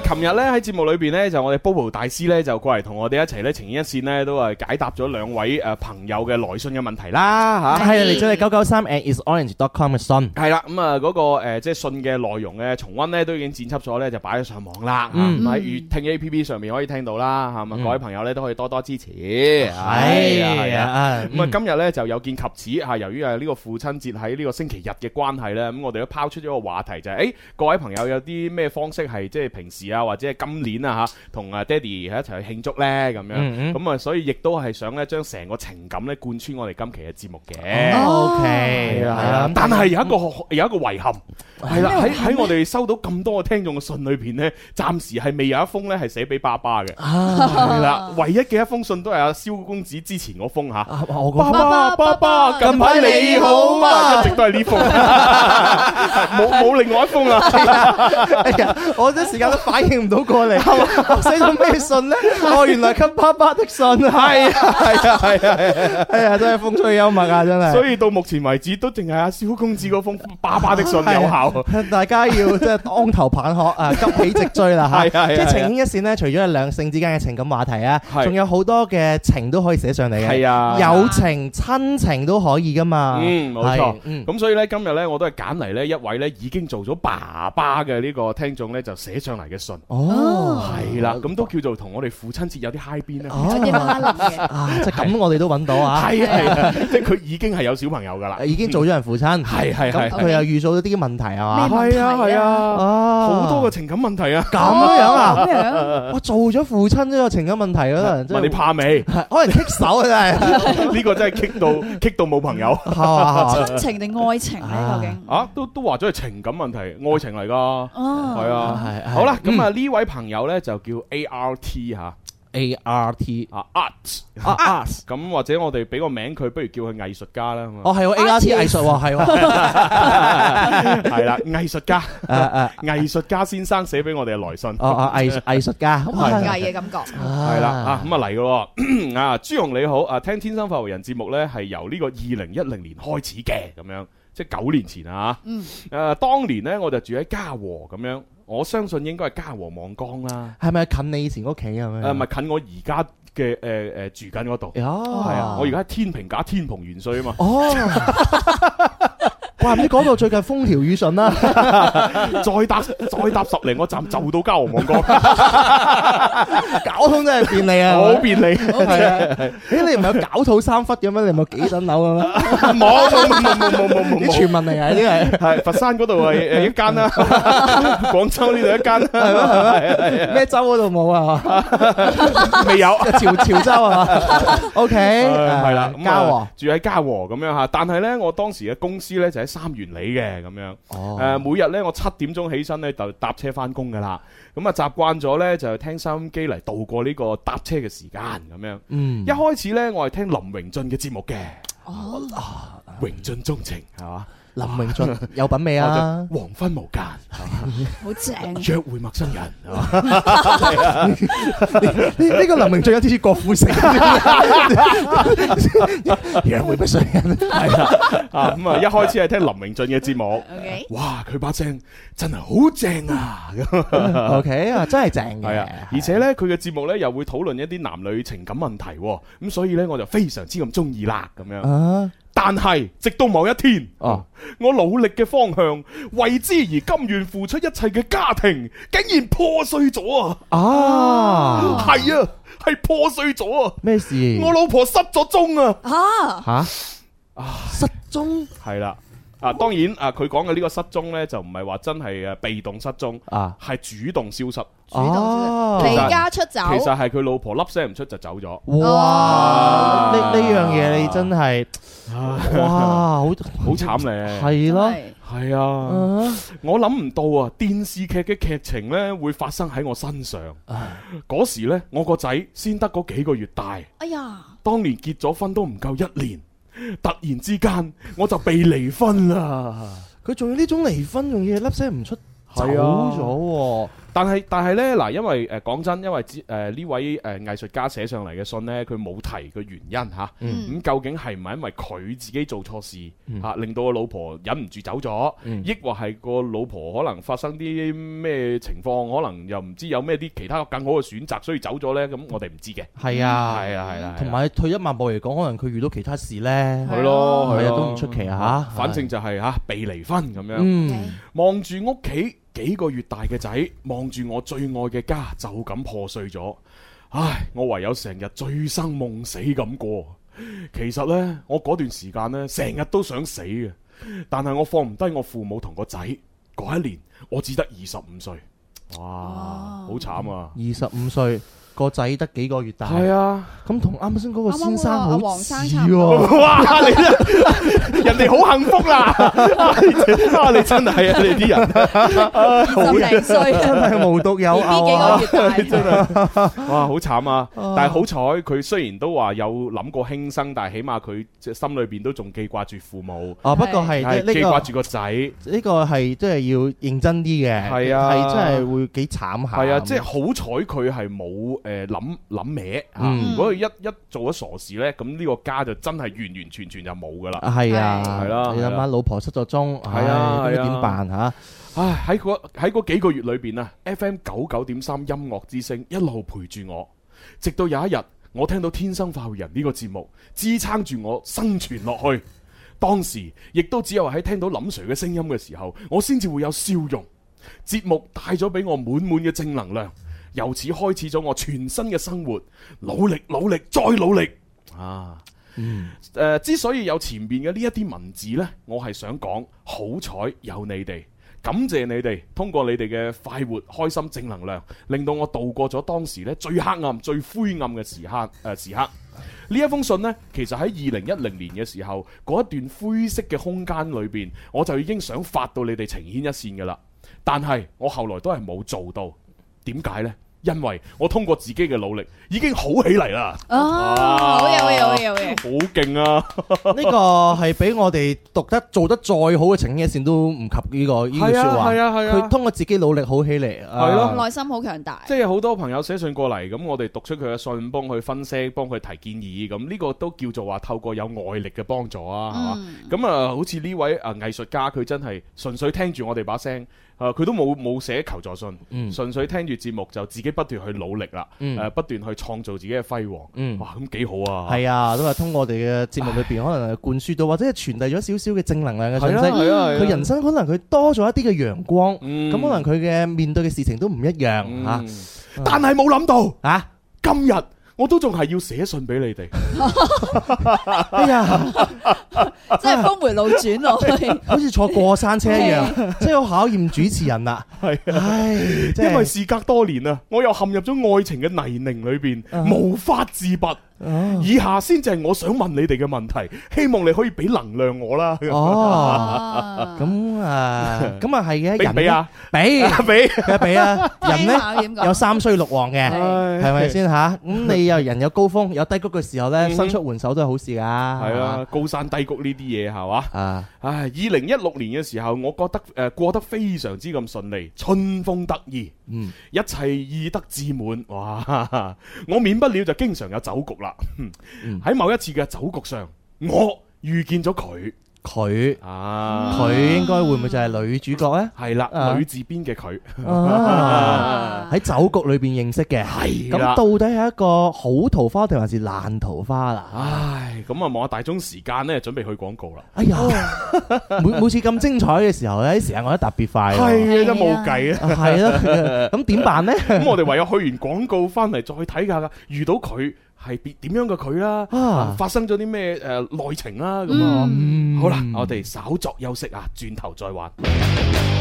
琴日咧喺節目裏邊咧，就我哋 Bobo 大師咧就過嚟同我哋一齊咧，情牽一線呢，都係解答咗兩位誒朋友嘅來信嘅問題啦嚇。係嚟咗九九三 andisorange.com dot 嘅信。係啦，咁啊嗰個誒即係信嘅內容咧，重溫咧都已經剪輯咗咧，就擺咗上網啦。啊、嗯，喺粵聽 A P P 上面可以聽到啦，嚇、啊、嘛、啊，各位朋友咧都可以多多支持。係啊，係啊。咁啊，今日咧就有見及此嚇，由於啊呢個父親節喺呢個星期日嘅關係咧，咁我哋都拋出咗個話題就係、是、誒、哎，各位朋友有啲咩方式係即係平時。啊或者係今年啊嚇，同阿爹哋喺一齊去慶祝咧咁樣，咁啊所以亦都係想咧將成個情感咧貫穿我哋今期嘅節目嘅。OK，係啊，但係有一個有一個遺憾，係啦喺喺我哋收到咁多個聽眾嘅信裏邊咧，暫時係未有一封咧係寫俾爸爸嘅。係啦，唯一嘅一封信都係阿蕭公子之前嗰封嚇。爸爸爸爸，近排你好啊，一直都係呢封，冇冇另外一封啊？係啊，我啲時間都～反應唔到過嚟，寫咗咩信呢？我原來給爸爸的信，係啊，係啊，係啊，係啊，真係風趣幽默啊，真係。所以到目前為止都淨係阿蕭公子嗰封爸爸的信有效。大家要即係當頭棒喝啊！急起直追啦！係啊！情牽一線呢，除咗係兩性之間嘅情感話題啊，仲有好多嘅情都可以寫上嚟嘅。係啊，友情、親情都可以㗎嘛。嗯，冇錯。咁所以咧，今日咧我都係揀嚟咧一位咧已經做咗爸爸嘅呢個聽眾咧，就寫上嚟嘅。哦，係啦，咁都叫做同我哋父親節有啲嗨邊咧？哦，就咁我哋都揾到啊！係啊，係啊，即係佢已經係有小朋友噶啦，已經做咗人父親，係係係，佢又預咗啲問題啊嘛，係啊係啊，好多個情感問題啊！咁樣啊，我做咗父親都有情感問題啊。問你怕未？可能棘手啊！真係呢個真係棘到棘到冇朋友。親情定愛情咧？究竟啊，都都話咗係情感問題，愛情嚟㗎，係啊，係好啦。咁啊呢位朋友咧就叫 A R、uh, mm, T 吓 A R、like、T 啊 Art 啊 Art 咁或者我哋俾個名佢，不如叫佢藝術家啦。哦，係 A R T 藝術家係，係啦藝術家誒誒，藝術家先生寫俾我哋嘅來信哦，藝藝術家咁啊，藝術嘅感覺係啦啊咁啊嚟嘅啊朱紅你好啊，聽天生發圍人節目咧係由呢個二零一零年開始嘅咁樣，即係九年前啊，嗯誒當年咧我就住喺嘉禾咁樣。我相信應該係嘉禾望崗啦。係咪近你以前屋企？係咪？誒，唔係，近我而家嘅誒誒住緊嗰度。哦，係啊，我而家喺天平架天蓬元帥啊嘛。哦。Oh. 哇！唔知度最近風調雨順啦，再搭再搭十零個站就到嘉禾望崗，交通真係便利啊！好便利，係啊！誒，你唔係有狡兔三窟嘅咩？你唔係幾等樓嘅咩？冇冇冇冇冇！啲傳聞嚟啊！呢係係佛山嗰度係誒一間啦，廣州呢度一間係咩州嗰度冇啊？未有潮潮州啊？OK，係啦，嘉禾住喺嘉禾咁樣嚇，但係咧，我當時嘅公司咧就喺。三元里嘅咁樣，誒、oh. 呃、每日呢，我七點鐘起身呢，就搭車翻工噶啦，咁啊習慣咗呢，就聽收音機嚟度過呢個搭車嘅時間咁樣。嗯，mm. 一開始呢，我係聽林榮進嘅節目嘅、oh. 啊，榮進鍾情係嘛？林明俊有品味啊！黃昏無間，好正。約會陌生人，呢個林明俊有啲似郭富城。約會陌生人，係啊，咁啊，一開始係聽林明俊嘅節目。哇，佢把聲真係好正啊！OK 啊，真係正嘅。而且咧，佢嘅節目咧又會討論一啲男女情感問題，咁所以咧我就非常之咁中意啦，咁樣。但係，直到某一天，哦、我努力嘅方向，為之而甘願付出一切嘅家庭，竟然破碎咗啊！啊，係啊，係破碎咗啊！咩事？我老婆失咗蹤啊！吓吓啊！啊，失蹤？係啦。 啊，當然啊，佢講嘅呢個失蹤呢，就唔係話真係被動失蹤，係主動消失，主動離家出走，其實係佢老婆粒聲唔出就走咗。哇！呢呢樣嘢你真係哇，好好慘咧，係咯，係啊，我諗唔到啊，電視劇嘅劇情呢會發生喺我身上。嗰時呢，我個仔先得嗰幾個月大，哎呀，當年結咗婚都唔夠一年。突然之間，我就被離婚啦！佢仲要呢種離婚，仲要係粒聲唔出，是啊、走咗。但係但係咧，嗱，因為誒講、uh, 真，因為誒呢、uh, 位誒藝術家寫上嚟嘅信咧，佢冇提個原因吓，咁究竟係唔係因為佢自己做錯事吓，令到個老婆忍唔住走咗，抑或係個老婆可能發生啲咩情況，可能又唔知有咩啲其他更好嘅選擇，所以走咗咧？咁我哋唔知嘅。係、嗯嗯、啊，係啊，係啊。同埋退一萬步嚟講，可能佢遇到其他事咧。係咯，都唔出奇啊！反正就係、是、吓被離婚咁樣、嗯。望住屋企幾個月大嘅仔，望住我最愛嘅家，就咁破碎咗。唉，我唯有成日醉生夢死咁過。其實呢，我嗰段時間呢，成日都想死嘅。但係我放唔低我父母同個仔。嗰一年，我只得二十五歲。哇，好慘哇啊！二十五歲。個仔得幾個月大，係啊，咁同啱先嗰個先生好似喎，哇！你真，人哋好幸福啦，你真係啊！你啲人，二十零歲真係無獨有偶，呢幾個月大真係，哇！好慘啊！但係好彩，佢雖然都話有諗過輕生，但係起碼佢即係心裏邊都仲記掛住父母。哦，不過係記掛住個仔，呢個係真係要認真啲嘅，係啊，係真係會幾慘下。係啊，即係好彩，佢係冇。誒諗諗咩，如果佢一一做咗傻事呢，咁呢個家就真係完完全全就冇噶啦。係啊，係咯，你諗下，老婆失咗蹤，係啊，點辦吓？唉，喺嗰喺嗰幾個月裏邊啊，F.M. 九九點三音樂之聲一路陪住我，直到有一日我聽到《天生化育人》呢個節目支撐住我生存落去。當時亦都只有喺聽到林 Sir 嘅聲音嘅時候，我先至會有笑容。節目帶咗俾我滿滿嘅正能量。由此開始咗我全新嘅生活，努力努力再努力啊！嗯，誒、呃，之所以有前面嘅呢一啲文字呢，我係想講，好彩有你哋，感謝你哋，通過你哋嘅快活、開心、正能量，令到我度過咗當時呢最黑暗、最灰暗嘅時刻誒時刻。呢、呃、一封信呢，其實喺二零一零年嘅時候，嗰一段灰色嘅空間裏邊，我就已經想發到你哋情牽一線嘅啦，但係我後來都係冇做到。點解呢？因為我通過自己嘅努力，已經好起嚟啦！哦，好嘢，好嘢，好嘢，好勁啊！呢個係俾我哋讀得做得再好嘅情牽一線都唔及呢個呢個說話。係啊，係啊，係啊！佢通過自己努力好起嚟，係咯，內心好強大。即係好多朋友寫信過嚟，咁我哋讀出佢嘅信，幫佢分析，幫佢提建議，咁呢個都叫做話透過有外力嘅幫助啊，係嘛？咁啊，好似呢位啊藝術家，佢真係純粹聽住我哋把聲。啊！佢、呃、都冇冇寫求助信，純、嗯、粹聽住節目就自己不斷去努力啦，誒、嗯呃，不斷去創造自己嘅輝煌。嗯、哇，咁幾好啊！係啊，都係通過我哋嘅節目裏邊，唉可能係灌輸到，或者係傳遞咗少少嘅正能量嘅信息。佢、啊啊啊啊、人生可能佢多咗一啲嘅陽光，咁、嗯、可能佢嘅面對嘅事情都唔一樣吓。嗯、但係冇諗到啊，今日。我都仲係要寫信俾你哋， 哎呀， 真係峰回路轉落去， 好似坐過山車一樣， 真係好考驗主持人啦。係，唉，因為事隔多年啦，我又陷入咗愛情嘅泥濘裏邊，無法自拔。以下先就係我想問你哋嘅問題，希望你可以俾能量我啦。哦，咁啊，咁啊係嘅。俾唔俾啊？俾俾，梗係俾啦。人咧，有三衰六旺嘅，係咪先吓？咁你又人有高峰有低谷嘅時候咧，伸出援手都係好事噶。係啊，高山低谷呢啲嘢係嘛？啊，唉，二零一六年嘅時候，我覺得誒過得非常之咁順利，春風得意，嗯，一切意得志滿。哇，我免不了就經常有酒局啦。喺、嗯、某一次嘅酒局上，我遇見咗佢，佢佢他、啊、應該會唔會就係女主角呢？係啦， 女字邊嘅佢喺酒局裏邊認識嘅，係咁 的到底係一個好桃花定還是爛桃花啦？唉，咁啊，望下大鐘時間呢，準備去廣告啦。 哎呀，每每次咁精彩嘅時候呢，啲時間過得特別快，係都冇計啊。係啦，咁 點是的 辦呢？咁 我哋唯有去完廣告翻嚟再睇下噶，遇到佢。係別點樣嘅佢啦？發生咗啲咩誒內情啦？咁啊，好啦，我哋稍作休息啊，轉頭再話。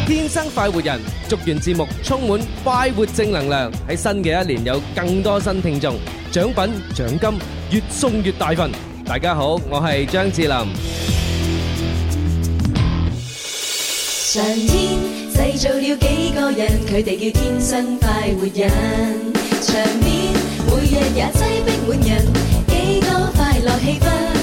天生快活人，祝願節目充滿快活正能量，喺新嘅一年有更多新聽眾，獎品獎金越送越大份。大家好，我係張智霖。上天製造了幾個人，佢哋叫天生快活人，場面，也擠逼滿人，幾多快樂氣氛。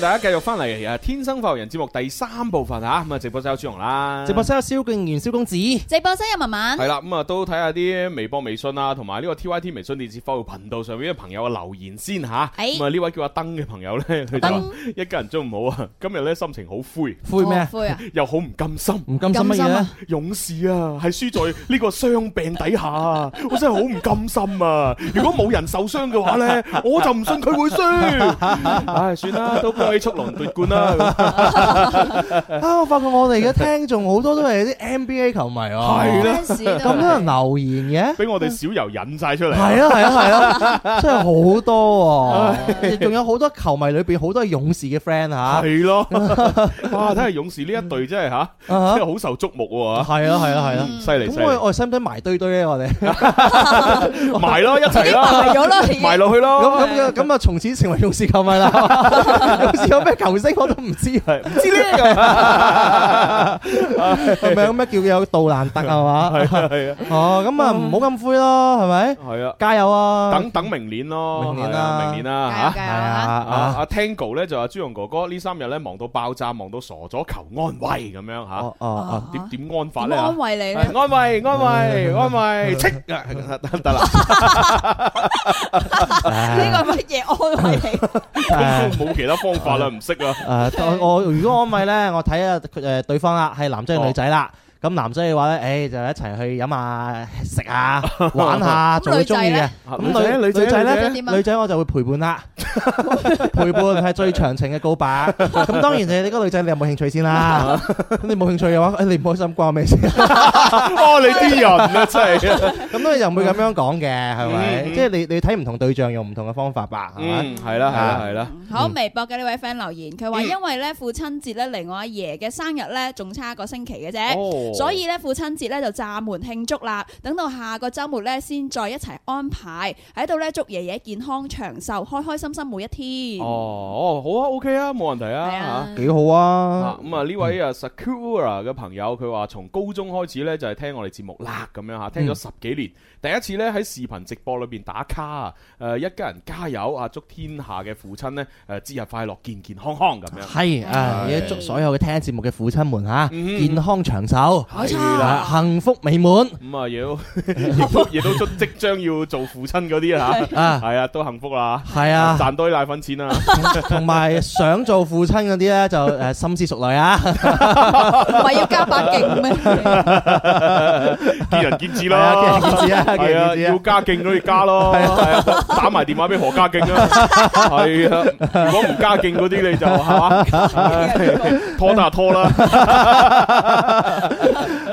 大家繼續翻嚟《啊天生發育人》節目第三部分吓，咁啊直播室有朱紅啦，直播室有蕭敬元、蕭公子，直播室有文文。係啦，咁、嗯、啊都睇下啲微博、微信啊，同埋呢個 T Y T 微信電視發育頻道上邊嘅朋友嘅留言先吓，咁啊呢、哎嗯、位叫阿登嘅朋友咧，佢就燈一家人中午好啊，今日咧心情好灰灰咩？灰啊！又好唔甘心，唔甘心乜嘢啊？勇士啊，係輸在呢個傷病底下啊， 我真係好唔甘心啊！ 如果冇人受傷嘅話咧，我就唔信佢會輸。唉、 啊，算啦， 飛速龍奪冠啦！ 啊，我發覺我哋而家聽眾好多都係啲 NBA 球迷啊，係啦了，咁多人留言嘅，俾我哋小游引晒出嚟，係啊，係啊，係 啊，真係好多，仲有好多球迷裏邊好多係勇士嘅 friend 吓，係咯，哇，睇下勇士呢一隊真係吓，嗯、真係好受矚目，係啊，係啊，係啊，犀利！咁、嗯、害我我使唔使埋堆堆咧？我哋埋咯， 一齊啦，埋落去咯，咁啊，咁啊， 從此成為勇士球迷啦。 有咩球星我都唔知，係唔知呢？係咪咩叫有杜蘭特係嘛？係啊係啊。哦，咁啊唔好咁灰咯，係咪？係啊，加油啊！等等明年咯，明年啦，明年啦。加油加油啊！阿 Tango 咧就話朱紅哥哥呢三日咧忙到爆炸，忙到傻咗，求安慰咁樣吓。哦哦。點點安法咧？安慰你咧？安慰安慰安慰，得啦。呢個乜嘢安慰你？咁都冇其他方法。唔識啊！誒、呃，我如果我唔係咧，我睇下誒對方啊，係男仔定女仔啦。咁男仔嘅話咧，誒就一齊去飲下、食下、玩下，最中意嘅。咁女女女仔咧，女仔我就會陪伴啦，陪伴係最長情嘅告白。咁當然就你個女仔，你有冇興趣先啦？你冇興趣嘅話，你唔開心關我咩事？啊？哦，你啲人啊，真係，咁我又唔會咁樣講嘅，係咪？即係你你睇唔同對象用唔同嘅方法吧？係咪？係啦係啦係啦。好，微博嘅呢位 friend 留言，佢話因為咧父親節咧嚟，我阿爺嘅生日咧仲差一個星期嘅啫。所以咧父親節咧就暫緩慶祝啦，等到下個週末咧先再一齊安排喺度咧祝爺爺健康長壽，開開心心每一天。哦，好啊，OK 啊，冇問題啊，啊幾好啊！咁啊呢位啊 Sakura 嘅朋友，佢話從高中開始咧就係聽我哋節目啦，咁樣吓聽咗十幾年。嗯第一次咧喺視頻直播裏邊打卡誒，一家人加油啊！祝天下嘅父親咧，誒，節日快樂，健健康康咁樣。係啊，而家祝所有嘅聽節目嘅父親們吓、啊，嗯、健康長壽，啊、幸福美滿。咁、嗯、啊要亦都亦都祝即將要做父親嗰啲吓啊，係啊，都幸福啦，係啊，賺多啲奶粉錢啊，同埋想做父親嗰啲咧就誒深思熟慮啊，唔 係要加把勁咩？ 見仁見智咯。 係啊，要加勁都要加咯，係啊， 打埋電話俾何家勁啊，係啊， 如果唔加勁嗰啲你就係嘛，拖下拖啦。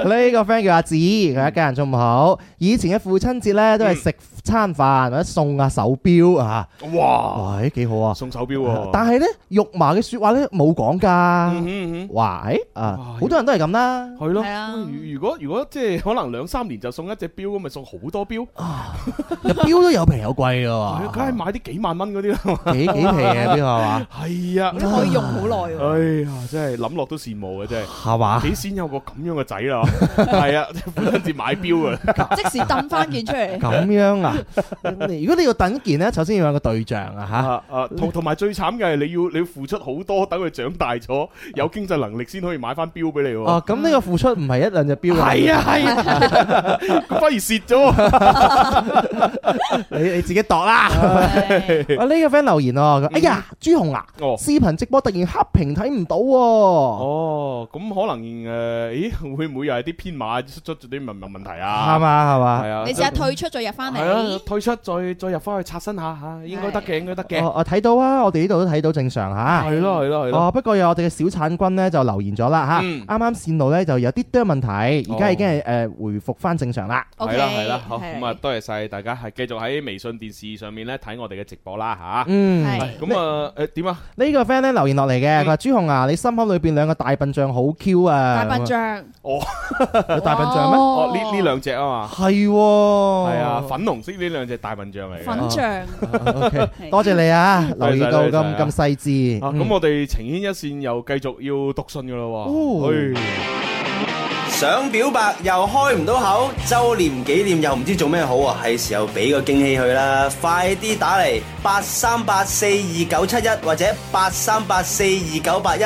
呢個 friend 叫阿子，佢一家人仲唔好。以前嘅父親節咧，都係食餐飯或者送下手錶啊。哇，哎，幾好啊！送手錶，但係咧肉麻嘅說話咧冇講噶。哇，哎啊，好多人都係咁啦。係咯。如果如果即係可能兩三年就送一隻錶咁，咪送好多錶啊？一錶都有平有貴噶，梗係買啲幾萬蚊嗰啲咯。幾幾皮啊。嘅錶啊？係啊，都可以用好耐。哎呀，真係諗落都羨慕啊。真係係嘛？幾先有個咁樣嘅仔啊。係啊，父親節買表啊，即時抌翻件出嚟。咁樣啊？如果你要等件咧，首先要有個對象啊吓。同同埋最慘嘅係你要你付出好多，等佢長大咗有經濟能力先可以買翻表俾你。哦，咁呢個付出唔係一兩隻表啊？係啊係啊，反而蝕咗。你你自己度啦。啊呢個 friend 留言哦，哎呀朱紅啊，視頻直播突然黑屏睇唔到。哦，咁可能誒，咦會唔會又係？啲編碼出咗啲問問問題啊，係嘛係嘛？你試下退出再入翻嚟，退出再再入翻去刷新下嚇，應該得嘅應該得嘅。我睇到啊，我哋呢度都睇到正常嚇。係咯係咯係咯。不過有我哋嘅小產軍咧就留言咗啦嚇，啱啱線路咧就有啲多問題，而家已經係誒回復翻正常啦。係啦係啦，好咁啊，多謝晒大家係繼續喺微信電視上面咧睇我哋嘅直播啦嚇。嗯，咁啊誒點啊？呢個 fan 咧留言落嚟嘅，佢話朱紅啊，你心口裏邊兩個大笨象好 Q 啊！大笨象哦。 有大笨象咩？哇哦，呢呢兩隻啊嘛，係，係啊，粉紅色呢兩隻大笨象嚟嘅，粉象像、啊。OK， 多謝你啊， 留意到咁咁細緻。咁、啊嗯啊、我哋情牽一線又繼續要讀信噶啦喎。去 想表白又開唔到口，周年紀念又唔知做咩好啊！係時候俾個驚喜佢啦，快啲打嚟八三八四二九七一或者八三八四二九八一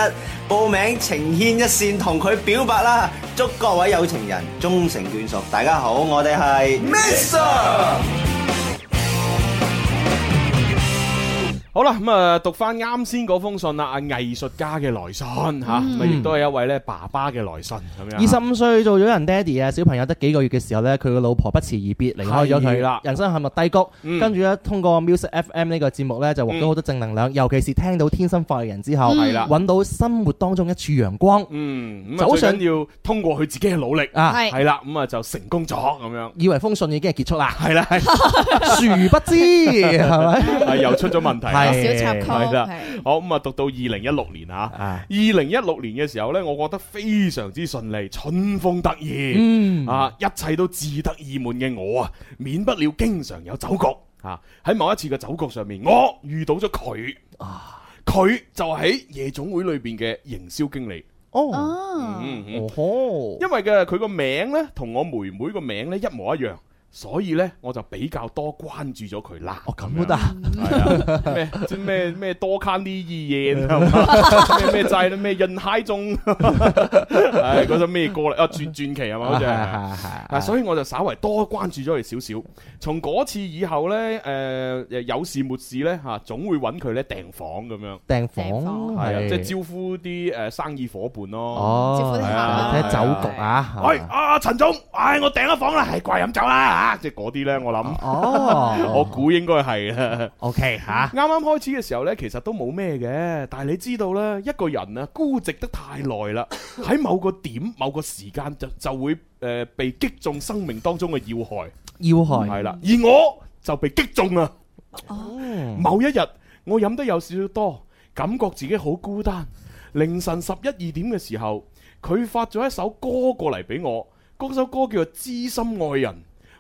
報名情牽一線，同佢表白啦！祝各位有情人終成眷屬！大家好，我哋係。好啦，咁啊，讀翻啱先嗰封信啦，阿藝術家嘅來信吓，亦都係一位咧爸爸嘅來信咁樣。二十五歲做咗人爹哋啊，小朋友得幾個月嘅時候咧，佢嘅老婆不辭而別離開咗佢，人生陷入低谷。跟住咧，通過 Music FM 呢個節目咧，就獲得好多正能量，尤其是聽到《天生快人》之後，係啦，搵到生活當中一處陽光。嗯，好想要通過佢自己嘅努力啊，係啦，咁啊就成功咗咁樣。以為封信已經係結束啦，係啦，殊不知係咪？又出咗問題。小插曲係啦，好咁啊，讀到二零一六年啊，二零一六年嘅時候咧，我覺得非常之順利，春風得意啊，一切都志得意滿嘅我啊，免不了經常有酒局啊。喺某一次嘅酒局上面，我遇到咗佢啊，佢就喺夜總會裏邊嘅營銷經理哦，哦，因為嘅佢個名咧，同我妹妹個名咧一模一樣。所以咧，我就比較多關注咗佢啦。哦，咁啊，咩咩咩多卡呢啲嘢，咩咩掣咧，咩印嗨中，係嗰首咩歌嚟，啊，傳傳奇係嘛？好似係係嗱，所以我就稍微多關注咗佢少少。從嗰次以後咧，誒有事沒事咧嚇，總會揾佢咧訂房咁樣。訂房係啊，即係招呼啲誒生意伙伴咯。哦，招呼啲酒局啊！喂啊，陳總，唉，我訂咗房啦，係掛飲酒啦。即係嗰啲呢，我諗，oh, 我估應該係 O K，吓，啱 啱 Okay, huh? 開始嘅時候呢，其實都冇咩嘅。但係你知道呢，一個人咧、啊、孤寂得太耐啦，喺某個點、某個時間就就會誒、呃、被擊中生命當中嘅要害。要害係啦，而我就被擊中啊！Oh. 某一日我飲得有少少多，感覺自己好孤單。凌晨十一二點嘅時候，佢發咗一首歌過嚟俾我，嗰首歌叫做《知心愛人》。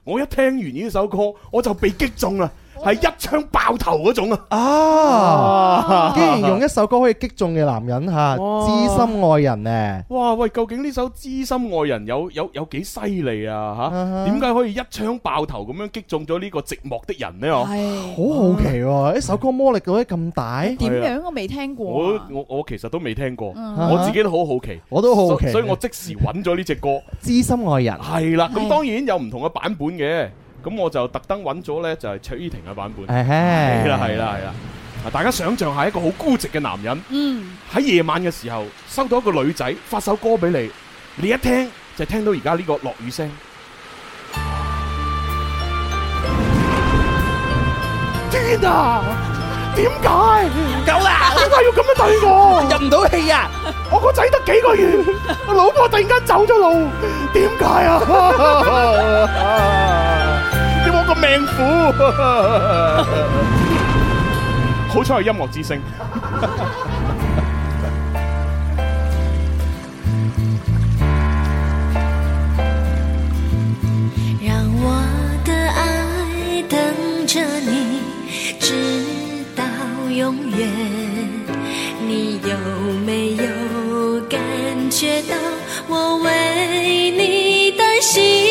我一聽完呢首歌，我就被擊中啦。係一槍爆頭嗰種啊！啊，竟然用一首歌可以擊中嘅男人吓，知心愛人呢？哇，喂，究竟呢首知心愛人有有有幾犀利啊？吓，點解可以一槍爆頭咁樣擊中咗呢個寂寞的人呢？哦，好好奇喎，一首歌魔力到底咁大？點樣我未聽過？我我我其實都未聽過，我自己都好好奇，我都好奇，所以我即時揾咗呢隻歌《知心愛人》。係啦，咁當然有唔同嘅版本嘅。咁我就特登揾咗咧，就係卓依婷嘅版本。係啦，係啦，係啦。啊，大家想象下一個好孤寂嘅男人，喺夜晚嘅時候收到一個女仔發首歌俾你，你一聽就聽到而家呢個落雨聲。天啊！點解？唔夠啦！點解要咁樣對我？入唔到氣啊！我個仔得幾個月，我老婆突然間走咗路，點解啊？命苦，好彩係音樂之聲。讓我的愛等着你，直到永遠。你有沒有感覺到我為你擔心？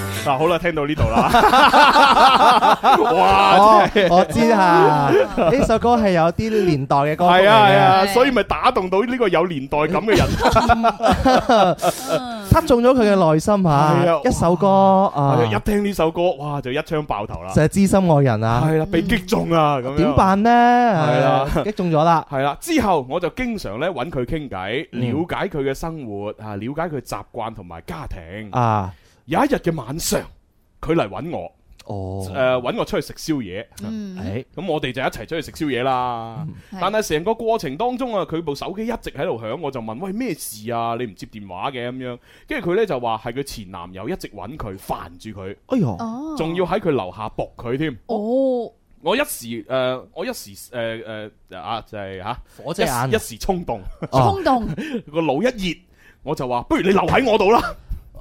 嗱好啦，聽到呢度啦！哇，我知啊，呢首歌係有啲年代嘅歌嚟嘅，係啊，係啊，所以咪打動到呢個有年代感嘅人，擊中咗佢嘅內心嚇。一首歌，一聽呢首歌，哇，就一槍爆頭啦！就係知心愛人啊，係啦，被擊中啊，咁樣點辦呢？係啦，擊中咗啦，係啦，之後我就經常咧揾佢傾偈，了解佢嘅生活嚇，了解佢習慣同埋家庭啊。有一日嘅晚上，佢嚟揾我，誒揾、oh. 呃、我出去食宵夜，咁、mm. 我哋就一齊出去食宵夜啦。Mm. 但係成個過程當中啊，佢部手機一直喺度響，我就問：喂，咩事啊？你唔接電話嘅咁樣。跟住佢呢就話係佢前男友一直揾佢，煩住佢。哎呦、oh.，仲要喺佢樓下搏佢添。哦，我一時誒、呃，我一時誒誒、呃呃就是、啊，就係吓，一時衝動，衝動個腦一熱，我就話：不如你留喺我度啦。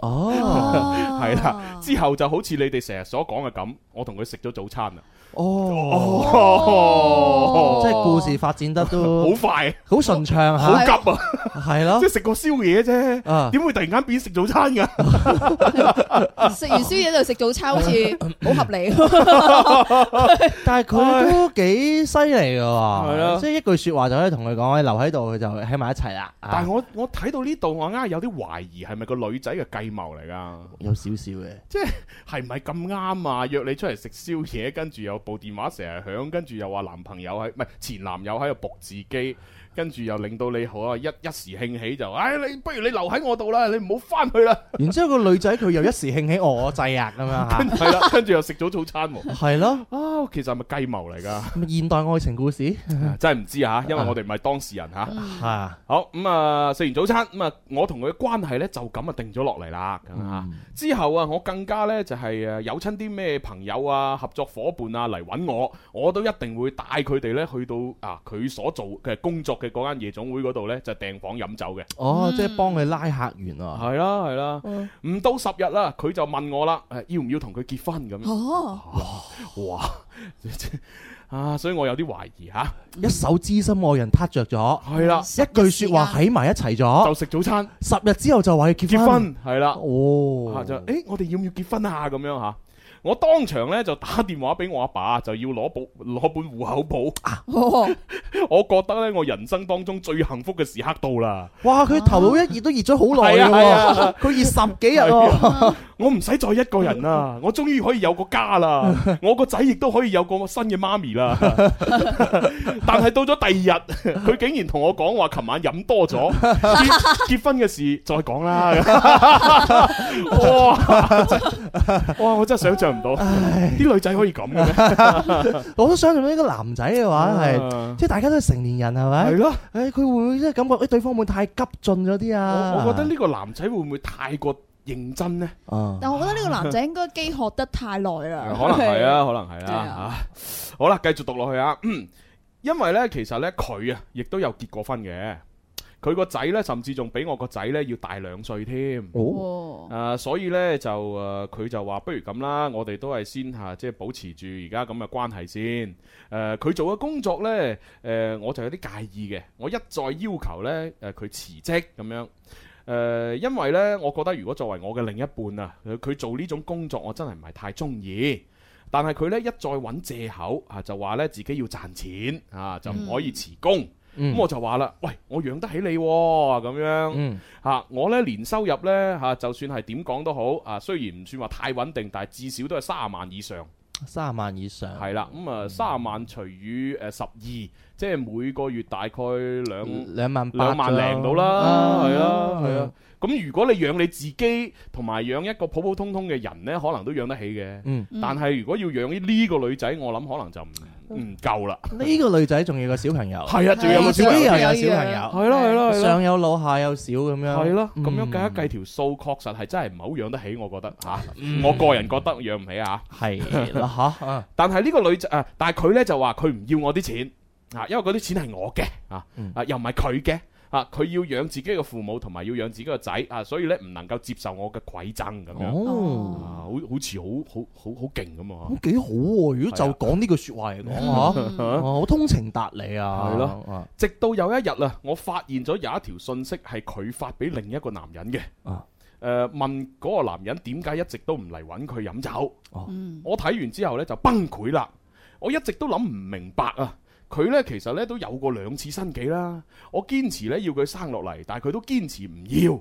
哦，係啦、oh. 之後就好似你哋成日所講嘅咁，我同佢食咗早餐啦。哦，即係故事發展得都好快，好順暢吓，好急啊，係咯，即係食個宵夜啫，點會突然間變食早餐噶？食完宵夜就食早餐，好似好合理。但係佢都幾犀利嘅，係啦，即係一句說話就可以同佢講，可以留喺度，佢就喺埋一齊啦。但係我我睇到呢度，我啱啱有啲懷疑係咪個女仔嘅計謀嚟噶？有少少嘅，即係係咪咁啱啊？約你出嚟食宵夜，跟住又。部電話成日響，跟住又話男朋友喺，唔係前男友喺度搏自己。跟住又令到你好啊一一時興起就，哎你不如你留喺我度啦，你唔好翻去啦。然之後個女仔佢又一時興起，我制啊，咁樣跟住又食咗早餐係咯，啊、 哦、其實係咪計謀嚟噶？現代愛情故事 真係唔知吓，啊，因為我哋唔係當事人吓。係好咁啊，食、嗯啊、完早餐咁啊、嗯，我同佢嘅關係咧就咁啊定咗落嚟啦。咁啊，之後啊，我更加咧就係、是、誒有親啲咩朋友啊合作夥伴啊嚟揾我，我都一定會帶佢哋咧去到啊佢所做嘅工作嘅。嗰間夜總會嗰度呢，就訂、是、房飲酒嘅，哦，即係幫佢拉客員啊，係啦，係啦，唔、啊嗯、到十日啦，佢就問我啦，要唔要同佢結婚咁樣，哦、啊，哇哇，啊，所以我有啲懷疑吓，啊、 一手知心愛人撻着咗，係啦、啊，一句說話喺埋一齊咗，啊、就食早餐，十日之後就話要結婚，係啦，啊、哦，啊、就誒，我哋要唔要結婚啊？咁樣吓。我當場咧就打電話俾我阿爸，爸，就要攞本攞本戶口簿。我、哦、 我覺得咧，我人生當中最幸福嘅時刻到啦！哇，佢頭腦一熱都熱咗好耐，係啊，佢熱、啊、十幾日。啊、 我唔使再一個人啦，我終於可以有個家啦，我個仔亦都可以有個新嘅媽咪啦。但係到咗第二日，佢竟然同我講話，琴晚飲多咗，結婚嘅事再講啦。 哇哇，我真係想象唔到，啲女仔可以咁嘅，我都相信呢個男仔嘅話係，即係大家都係成年人係咪？係咯，唉，佢會唔會即係感覺對方會太急進咗啲啊？我覺得呢個男仔會唔會太過認真呢？但係我覺得呢個男仔應該飢渴得太耐啦。可能係啊，可能係啦吓。好啦，繼續讀落去啊，因為呢其實呢佢啊亦都有結過婚嘅。佢個仔呢，甚至仲比我個仔呢要大兩歲添。哦、oh. 呃呃，啊，所以呢，就啊，佢就話不如咁啦，我哋都係先吓，即係保持住而家咁嘅關係先。誒、呃，佢做嘅工作呢，誒、呃，我就有啲介意嘅。我一再要求呢，誒、啊，佢辭職咁樣。誒、呃，因為呢，我覺得如果作為我嘅另一半啊，佢做呢種工作，我真係唔係太中意。但係佢呢，一再揾借口啊，就話呢自己要賺錢啊，就唔可以辭工。Mm hmm. 咁、嗯、我就話啦，喂，我養得起你咁、欸、樣吓，嗯、我呢年收入呢，吓，就算係點講都好，啊雖然唔算話太穩定，但係至少都係三十萬以上，三十萬以上係啦，咁啊三十萬除以誒十二，即係每個月大概兩兩萬兩萬零度啦，係啊係啊，咁如果你養你自己同埋養一個普普通通嘅人呢，可能都養得起嘅，但係如果要養呢呢個女仔，我諗可能就唔。唔夠啦！呢、嗯、個女仔仲要個小朋友，係啊，仲要個小朋友又有小朋友，係咯係咯，啊啊啊啊、上有老下有小咁樣，係咯、啊，咁、嗯、樣計一計條數，確實係真係唔好養得起，我覺得吓、啊，我個人覺得養唔起啊，係啦吓，啊、但係呢個女仔啊，但係佢咧就話佢唔要我啲錢啊，因為嗰啲錢係我嘅啊，啊又唔係佢嘅。啊！佢要養自己嘅父母，同埋要養自己嘅仔啊！所以咧唔能夠接受我嘅饋贈咁樣啊！好好似好好好好勁咁啊！咁幾好喎！如果就講呢句話說話嚟講吓，我、 啊、通情達理啊！係咯啦，啊、直到有一日啊，我發現咗有一條信息係佢發俾另一個男人嘅啊！誒、啊，問嗰個男人點解一直都唔嚟揾佢飲酒？啊嗯、我睇完之後咧就崩潰啦！我一直都諗唔明白啊！佢呢其實呢都有過兩次新紀啦，我堅持呢要佢生落嚟，但係佢都堅持唔要，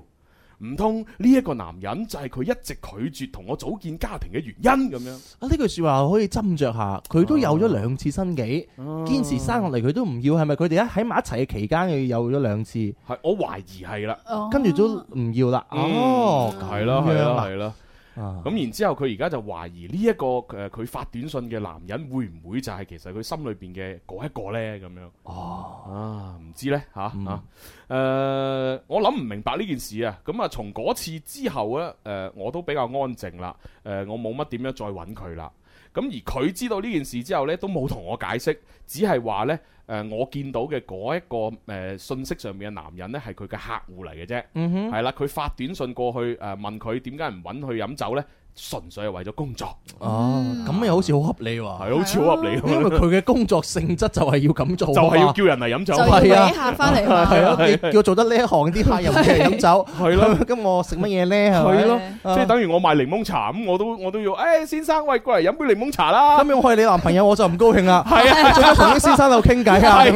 唔通呢一個男人就係佢一直拒絕同我組建家庭嘅原因咁樣？啊，呢句説話可以斟酌下。佢都有咗兩次新紀，啊、堅持生落嚟佢都唔要，係咪佢哋喺喺埋一齊嘅期間又有咗兩次？係，我懷疑係啦，啊、跟住都唔要啦。嗯、哦，係啦，係啦、嗯，係啦。咁、嗯、然之後、這個，佢而家就懷疑呢一個誒，佢發短信嘅男人會唔會就係其實佢心裏邊嘅嗰一個呢？咁樣哦啊，啊，唔知呢。嚇嚇。誒，我諗唔明白呢件事啊。咁啊，從嗰次之後呢，誒、呃，我都比較安靜啦。誒、呃，我冇乜點樣再揾佢啦。咁而佢知道呢件事之後呢，都冇同我解釋，只係話呢，誒、呃，我見到嘅嗰一個誒、呃、信息上面嘅男人呢，係佢嘅客戶嚟嘅啫，係啦、嗯哼，佢發短信過去誒、呃、問佢點解唔揾佢飲酒呢？純粹係為咗工作哦，咁又好似好合理喎，係好似好合理，因為佢嘅工作性質就係要咁做，就係要叫人嚟飲酒，係啊，翻嚟係啊，叫做得呢一行啲客人嚟飲酒，係啦，咁我食乜嘢咧？係咯，即係等於我賣檸檬茶，咁我都我都要，誒，先生，喂，過嚟飲杯檸檬茶啦。咁樣我係你男朋友，我就唔高興啦。係啊，仲有同啲先生喺度傾偈啊，咁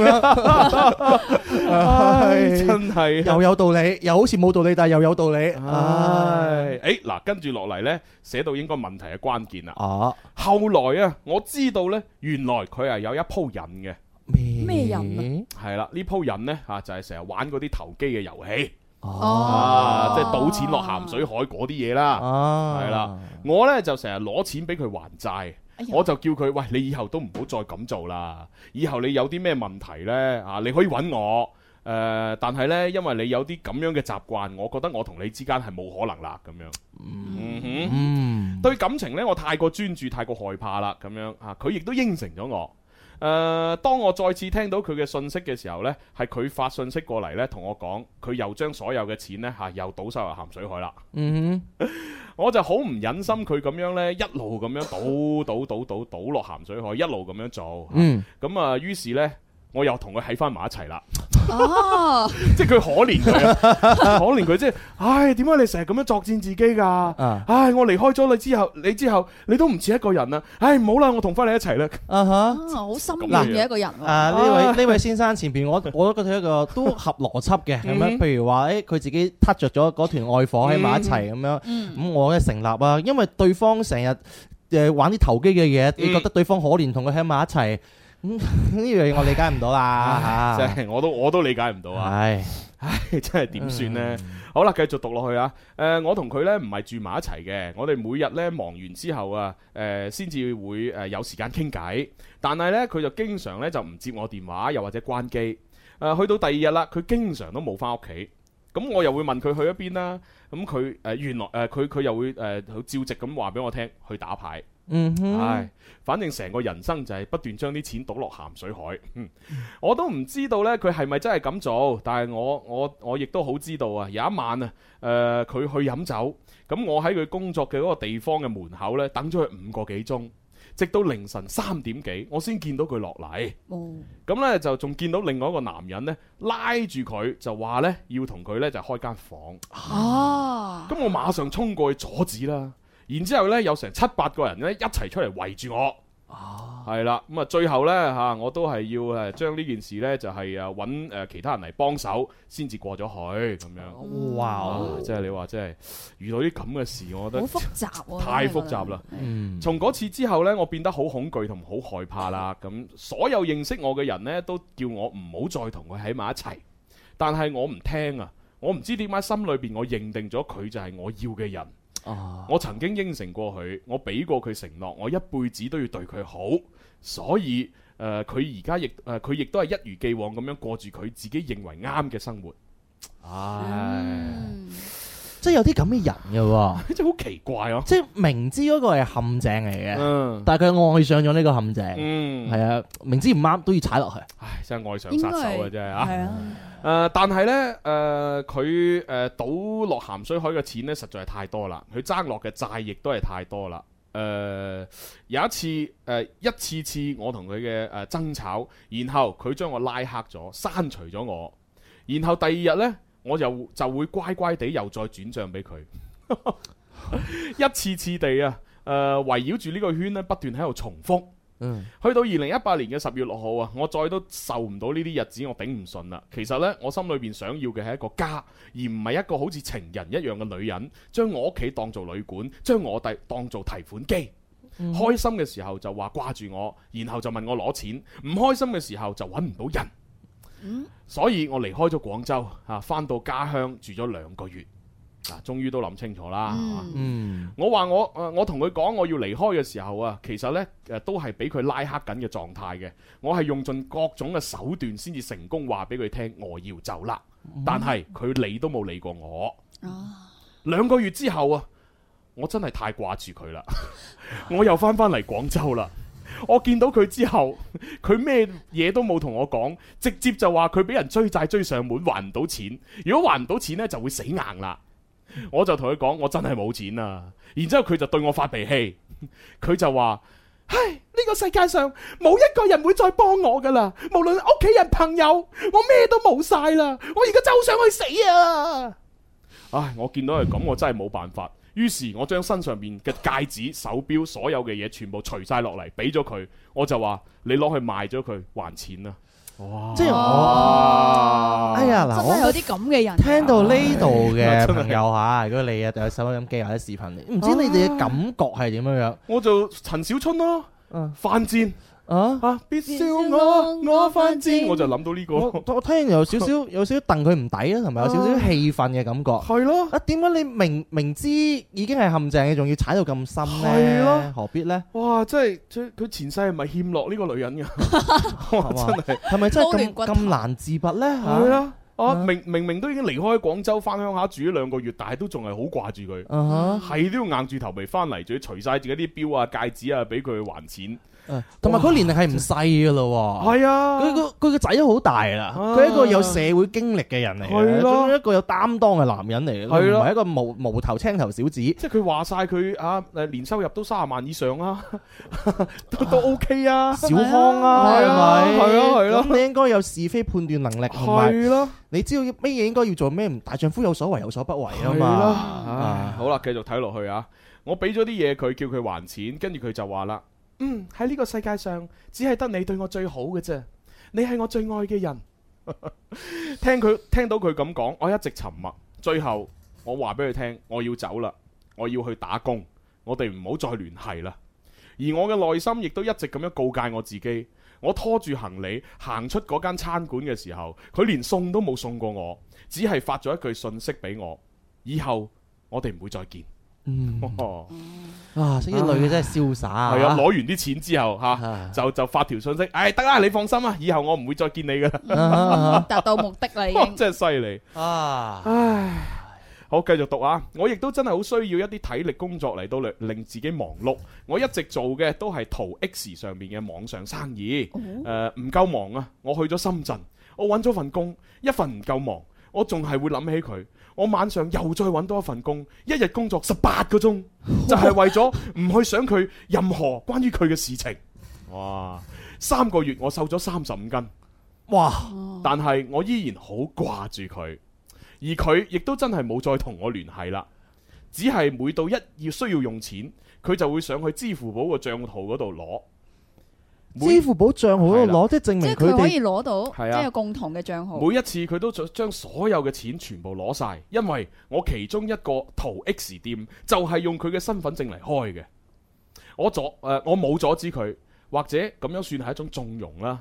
樣，真係又有道理，又好似冇道理，但係又有道理。唉，誒，嗱，跟住落嚟咧。寫到應該問題嘅關鍵啦。哦、啊，後來啊，我知道呢，原來佢係有一鋪癮嘅。咩人啊？係啦，呢鋪癮呢，吓就係成日玩嗰啲投機嘅遊戲，啊，即係賭錢落鹹水海嗰啲嘢啦。係啦、哦，我呢就成日攞錢俾佢還債，哎、呦我就叫佢喂，你以後都唔好再咁做啦。以後你有啲咩問題呢，啊，你可以揾我。誒、呃，但係呢，因為你有啲咁樣嘅習慣，我覺得我同你之間係冇可能啦，咁樣。嗯哼，對感情呢，我太過專注，太過害怕啦，咁樣啊。佢、啊、亦都應承咗我。誒、啊，當我再次聽到佢嘅信息嘅時候呢，係佢發信息過嚟呢，同我講，佢又將所有嘅錢呢，吓、啊，又倒晒落咸水海啦。嗯哼，我就好唔忍心佢咁樣呢，一路咁樣倒倒倒倒倒、倒落咸水海，一路咁樣做。嗯，咁啊，於、啊啊、是呢。我又同佢喺翻埋一齊啦，哦，即係佢可憐佢，可憐佢即係，唉，點解你成日咁樣作戰自己㗎？唉，我離開咗你之後，你之後你都唔似一個人啦，唉，唔好啦，我同翻你一齊啦，啊哈，好心軟嘅一個人啊，呢位呢位先生前邊，我我都覺得一個都合邏輯嘅咁樣，譬如話，誒，佢自己撻着咗嗰團愛火喺埋一齊咁樣，咁我嘅成立啊，因為對方成日誒玩啲投機嘅嘢，你覺得對方可憐，同佢喺埋一齊。咁呢樣嘢我理解唔到啦，唉啊、即係我都我都理解唔到啊！係唉，唉，真係點算呢？嗯、好啦，繼續讀落去啊！誒、呃，我同佢呢唔係住埋一齊嘅，我哋每日呢忙完之後啊，誒、呃，先至會誒有時間傾偈。但係呢，佢就經常呢就唔接我電話，又或者關機。誒、呃，去到第二日啦，佢經常都冇翻屋企。咁我又會問佢去咗邊啦。咁佢誒原來誒佢佢又會誒、呃、好照直咁話俾我聽去打牌。嗯，係。反正成個人生就係不斷將啲錢倒落鹹水海，嗯、我都唔知道呢。佢係咪真係咁做，但係我我我亦都好知道啊！有一晚啊，誒、呃、佢去飲酒，咁我喺佢工作嘅嗰個地方嘅門口呢，等咗佢五個幾鐘，直到凌晨三點幾，我先見到佢落嚟。哦、嗯，咁呢就仲見到另外一個男人呢，拉住佢，就話呢：「要同佢呢，就開間房。」啊，咁、嗯、我馬上衝過去阻止啦。然之後咧，有成七八個人咧一齊出嚟圍住我，係啦咁啊！最後呢，吓、啊，我都係要誒將呢件事呢，就係揾誒其他人嚟幫手，先至過咗去咁樣。Oh. 哇！即係你話，即係遇到啲咁嘅事，我覺得好複雜，啊， 太複雜啦。嗯，從嗰次之後呢，我變得好恐懼同好害怕啦。咁所有認識我嘅人呢，都叫我唔好再同佢喺埋一齊。但係我唔聽啊！我唔知點解心裏邊我認定咗佢就係我要嘅人。Oh，我曾經應承過佢，我俾過佢承諾，我一輩子都要對佢好，所以誒，佢而家亦誒，佢亦都係一如既往咁樣過住佢自己認為啱嘅生活。唉。Mm. 即係有啲咁嘅人嘅，真好 奇怪哦、啊！即係明知嗰個係陷阱嚟嘅，嗯、但係佢愛上咗呢個陷阱，係、嗯、啊！明知唔啱都要踩落去，唉，真係愛上殺手啊，真係啊。誒，但係呢，誒、呃，佢誒倒落咸水海嘅錢呢，實在係太多啦。佢爭落嘅債亦都係太多啦。誒、呃，有一次，誒、呃，一次次我同佢嘅誒爭吵，然後佢將我拉黑咗，刪除咗我，然後第二日呢。我又就會乖乖地又再轉帳俾佢， 一次次地啊，誒、呃、圍繞住呢個圈咧，不斷喺度重複。嗯，去到二零一八年嘅十月六號啊，我再都受唔到呢啲日子，我頂唔順啦。其實呢，我心裏邊想要嘅係一個家，而唔係一個好似情人一樣嘅女人，將我屋企當做旅館，將我哋當做提款機。嗯、開心嘅時候就話掛住我，然後就問我攞錢；唔開心嘅時候就揾唔到人。所以，我離開咗廣州，啊，翻到家鄉住咗兩個月，啊，終於都諗清楚啦。嗯，我話我，誒，我同佢講我要離開嘅時候啊，其實呢誒，都係俾佢拉黑緊嘅狀態嘅。我係用盡各種嘅手段先至成功話俾佢聽我要走啦，嗯、但係佢理都冇理過我。哦，兩個月之後啊，我真係太掛住佢啦， 我又翻翻嚟廣州啦。我見到佢之後，佢咩嘢都冇同我講，直接就話佢俾人追債追上門，還唔到錢。如果還唔到錢呢，就會死硬啦。我就同佢講，我真係冇錢啦。然之後佢就對我發脾氣，佢就話：唉，呢個世界上冇一個人會再幫我噶啦。無論屋企人、朋友，我咩都冇晒啦。我而家就想去死啊！唉，我見到係咁，我真係冇辦法。於是，我將身上面嘅戒指、手錶，所有嘅嘢全部除晒落嚟，俾咗佢。我就話：你攞去賣咗佢，還錢啊。」哦，即係，哎呀，哇真係有啲咁嘅人，啊。聽到呢度嘅朋友嚇，如果你啊戴手錶、收音機或者視頻，唔知你哋嘅感覺係點樣樣？哇我就陳小春咯，犯賤，嗯。啊啊！別笑我，我犯賤。我就諗到呢個，我我聽完有少少有少少戥佢唔抵啊，同埋有少少氣憤嘅感覺。係咯，啊點解你明明知已經係陷阱，你仲要踩到咁深咧？係咯，何必咧？哇！真係，佢佢前世係咪欠落呢個女人㗎？我真係係咪真係咁咁難自拔咧？係啊！啊，明明明都已經離開廣州翻鄉下住咗兩個月，但係都仲係好掛住佢。啊係都要硬住頭皮翻嚟，仲要除晒自己啲錶啊、戒指啊，俾佢還錢。同埋佢年齡係唔細噶咯，係啊，佢個佢個仔都好大啦，佢係一個有社會經歷嘅人嚟嘅，一個有擔當嘅男人嚟嘅，唔係一個無無頭青頭小子。即係佢話晒佢啊，誒，年收入都三十萬以上啦，都 OK 啊，小康啊，係咪？係咯，係咯，你應該有是非判斷能力，係咯，你知道咩嘢應該要做咩？唔大丈夫有所為有所不為啊嘛。好啦，繼續睇落去啊，我俾咗啲嘢佢，叫佢還錢，跟住佢就話啦。嗯，喺呢個世界上，只係得你對我最好嘅啫。你係我最愛嘅人。 聽佢聽到佢咁講，我一直沉默。最後我話俾佢聽，我要走啦，我要去打工，我哋唔好再聯繫啦。而我嘅內心亦都一直咁樣告誡我自己。我拖住行李行出嗰間餐館嘅時候，佢連送都冇送過我，只係發咗一句信息俾我。以後我哋唔會再見。嗯，哇！啲女嘅真係瀟灑，係啊！攞的完啲錢之後，吓、啊啊、就就發條信息，哎得啦，你放心啊，以後我唔會再見你噶，達、啊啊、 到目的啦真係犀利啊！唉，好，繼續讀啊！我亦都真係好需要一啲體力工作嚟到嚟令自己忙碌。我一直做嘅都係淘 X 上面嘅網上生意，誒唔夠忙啊！我去咗深圳，我揾咗份工，一份唔夠忙，我仲係會諗起佢。我晚上又再揾多一份工，一日工作十八個鐘，就係為咗唔去想佢任何關於佢嘅事情。哇！三個月我瘦咗三十五斤，哇！但係我依然好掛住佢，而佢亦都真係冇再同我聯繫啦，只係每到一要需要用錢，佢就會上去支付寶個賬戶嗰度攞。支付寶賬號都攞，啲係證明，即係佢可以攞到，即係共同嘅賬號。每一次佢都將所有嘅錢全部攞晒，因為我其中一個淘 X 店就係用佢嘅身份證嚟開嘅，我阻誒、呃、我冇阻止佢，或者咁樣算係一種縱容啦。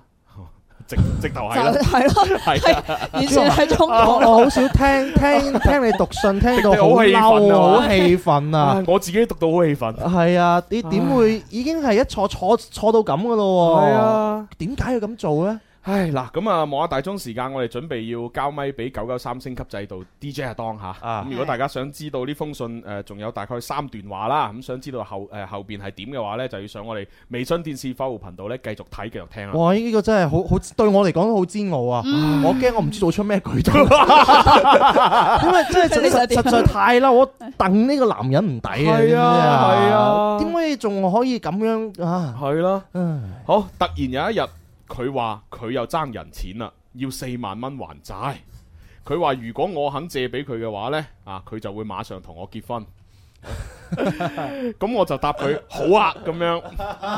直直頭係咯，係咯的，係完全係中國。啊、我好少聽聽聽你讀信，聽到好氣憤好氣憤啊！我自己讀到好氣憤、啊。係啊，你點會唉已經係一坐坐坐到咁噶咯？係啊的，點解要咁做咧？唉嗱，咁啊，望、嗯、下大鐘時間，我哋準備要交咪俾九九三星級制度 D J 啊當吓。咁、嗯、如果大家想知道呢封信誒，仲有大概三段話啦。咁想知道後誒後邊係點嘅話咧，就要上我哋微信電視快活頻道咧，繼續睇繼續聽啦。哇！呢、這個真係好好，對我嚟講都好煎熬啊！嗯、我驚我唔知做出咩舉動 ，因為真係實在太嬲，我等呢個男人唔抵啊！係啊，係啊，點解仲可以咁樣啊？係啦、啊，好突然有一日。佢話佢又爭人錢啦，要四萬蚊還債。佢話如果我肯借俾佢嘅話呢，啊，佢就會馬上同我結婚。咁 我就答佢 好啊，咁樣。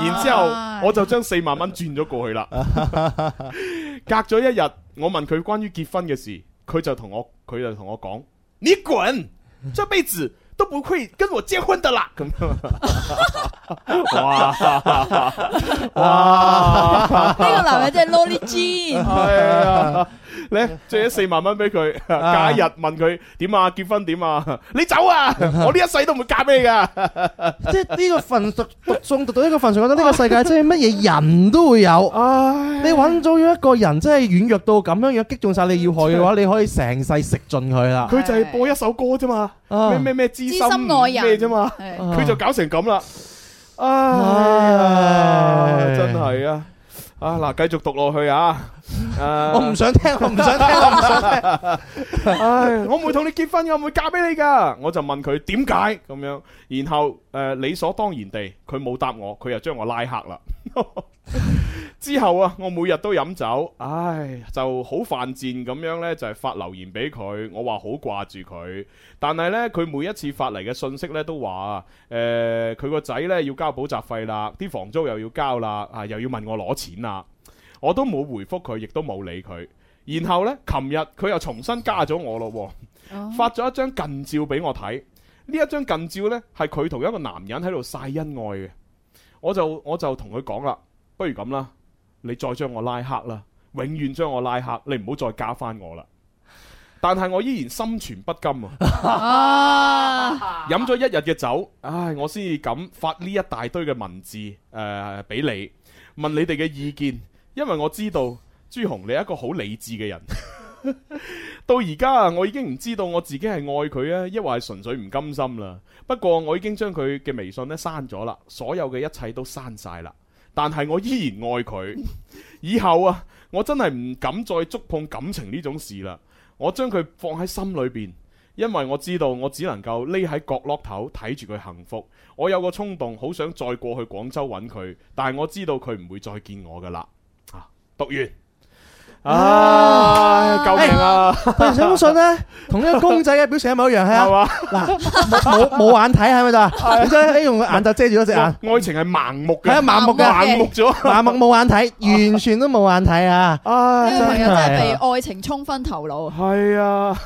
然之後我就將四萬蚊轉咗過去啦。 隔咗一日，我問佢關於結婚嘅事，佢就同我，佢就同我講：你滾，這輩子！都不會跟我結婚的啦，咁樣，哇，哇，呢個男嘅真係蘿莉精，係啊。你借咗四萬蚊俾佢，假日問佢點啊？結婚點啊？你走啊！我呢一世都唔會嫁俾你噶。即係呢個份上讀誦讀到呢個份上，覺得呢個世界真係乜嘢人都會有。你揾到一個人真係軟弱到咁樣樣，擊中晒你要害嘅話，你可以成世食盡佢啦。佢就係播一首歌啫嘛，咩咩咩，知心愛人咩啫嘛，佢就搞成咁啦。啊，真係啊！啊嗱，繼續讀落去啊！ 我唔想聽，我唔想聽，我唔想聽。唉， 我唔會同你結婚，我唔會嫁俾你噶。我就問佢點解咁樣，然後誒、呃、理所當然地，佢冇答我，佢又將我拉黑啦。 之後啊，我每日都飲酒，唉，就好犯賤咁樣呢，就係發留言俾佢，我話好掛住佢，但係呢，佢每一次發嚟嘅信息呢，都話誒，佢個仔呢要交補習費啦，啲房租又要交啦，啊，又要問我攞錢啦。我都冇回覆佢，亦都冇理佢。然後呢，琴日佢又重新加咗我咯，發咗一張近照俾我睇。呢一張近照呢，係佢同一個男人喺度晒恩愛嘅。我就我就同佢講啦，不如咁啦，你再將我拉黑啦，永遠將我拉黑，你唔好再加翻我啦。但係我依然心存不甘啊！飲咗 一日嘅酒，唉，我先至敢發呢一大堆嘅文字誒俾、呃、你，問你哋嘅意見。因為我知道朱紅你係一個好理智嘅人， 到而家啊，我已經唔知道我自己係愛佢啊，抑或係純粹唔甘心啦。不過我已經將佢嘅微信咧刪咗啦，所有嘅一切都刪晒啦。但係我依然愛佢，以後啊，我真係唔敢再觸碰感情呢種事啦。我將佢放喺心裏邊，因為我知道我只能夠匿喺角落頭睇住佢幸福。我有個衝動，好想再過去廣州揾佢，但係我知道佢唔會再見我噶啦。讀完，唉，救命啊！突然寫封信咧，同呢個公仔嘅表情係咪一樣？係啊，嗱，冇冇眼睇，係咪就？佢用個眼罩遮住咗隻眼。愛情係盲目嘅，係盲目嘅，盲目咗，盲目冇眼睇，完全都冇眼睇啊！呢個朋友真係被愛情沖昏頭腦。係啊，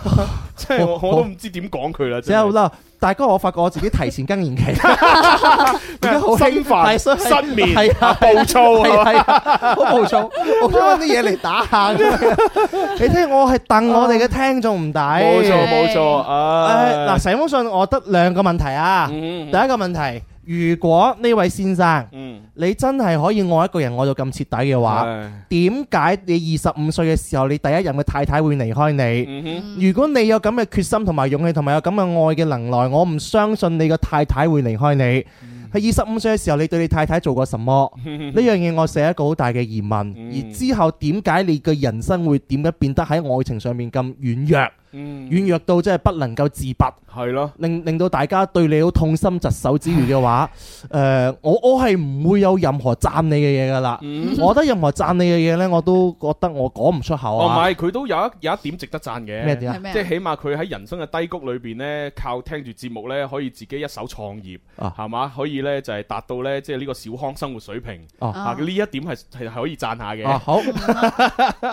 即係我都唔知點講佢啦。即係嗱。大哥，我發覺我自己提前更年期，而家好心煩，失眠，係啊，暴躁啊，係啊，好暴躁，我搵啲嘢嚟打下。你聽，我係戥我哋嘅聽眾唔抵，冇錯冇錯啊！嗱，成封信，我得兩個問題啊，第一個問題。如果呢位先生，嗯、你真係可以愛一個人愛到咁徹底嘅話，點解是的 你二十五歲嘅時候你第一任嘅太太會離開你？嗯、哼 如果你有咁嘅決心同埋勇氣同埋有咁嘅愛嘅能耐，我唔相信你個太太會離開你。喺二十五歲嘅時候，你對你太太做過什麼？呢、嗯、樣嘢我寫一個好大嘅疑問。嗯、而之後點解你嘅人生會點解變得喺愛情上面咁軟弱？嗯，軟弱到即係不能夠自拔，係咯的，令令到大家對你好痛心疾首之餘嘅話，誒唉、呃，我我係唔會有任何讚你嘅嘢噶啦，嗯、我覺得任何讚你嘅嘢呢，我都覺得我講唔出口啊。唔係、哦，佢都有一有一點值得讚嘅，即係起碼佢喺人生嘅低谷裏邊呢，靠聽住節目呢，可以自己一手創業，係嘛，啊？可以呢，就係達到咧即係呢個小康生活水平啊！呢、啊啊啊、一點係係可以讚下嘅，啊。好，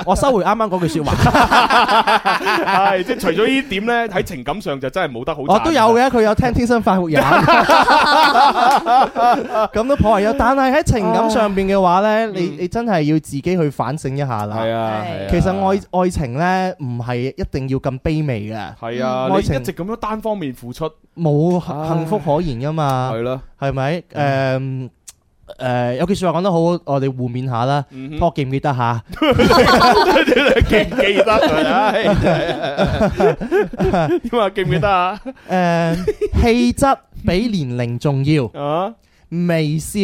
我收回啱啱嗰句說話， 即 除咗呢點呢，喺情感上就真係冇得好。我都有嘅，佢有聽《天生快活人》，咁都頗為有。但係喺情感上面嘅話呢，你、哦、你真係要自己去反省一下啦。係、嗯、啊，啊其實愛愛情呢，唔係一定要咁卑微嘅。係啊，嗯、你一直咁樣單方面付出，冇幸福可言噶嘛。係咯，係咪、啊？誒吧。嗯誒、呃，有句話說話講得好，我哋互勉下啦，嗯、哼記唔記得下？ 記唔記得？點啊、呃？記唔記得啊？誒，氣質比年齡重要，啊、微笑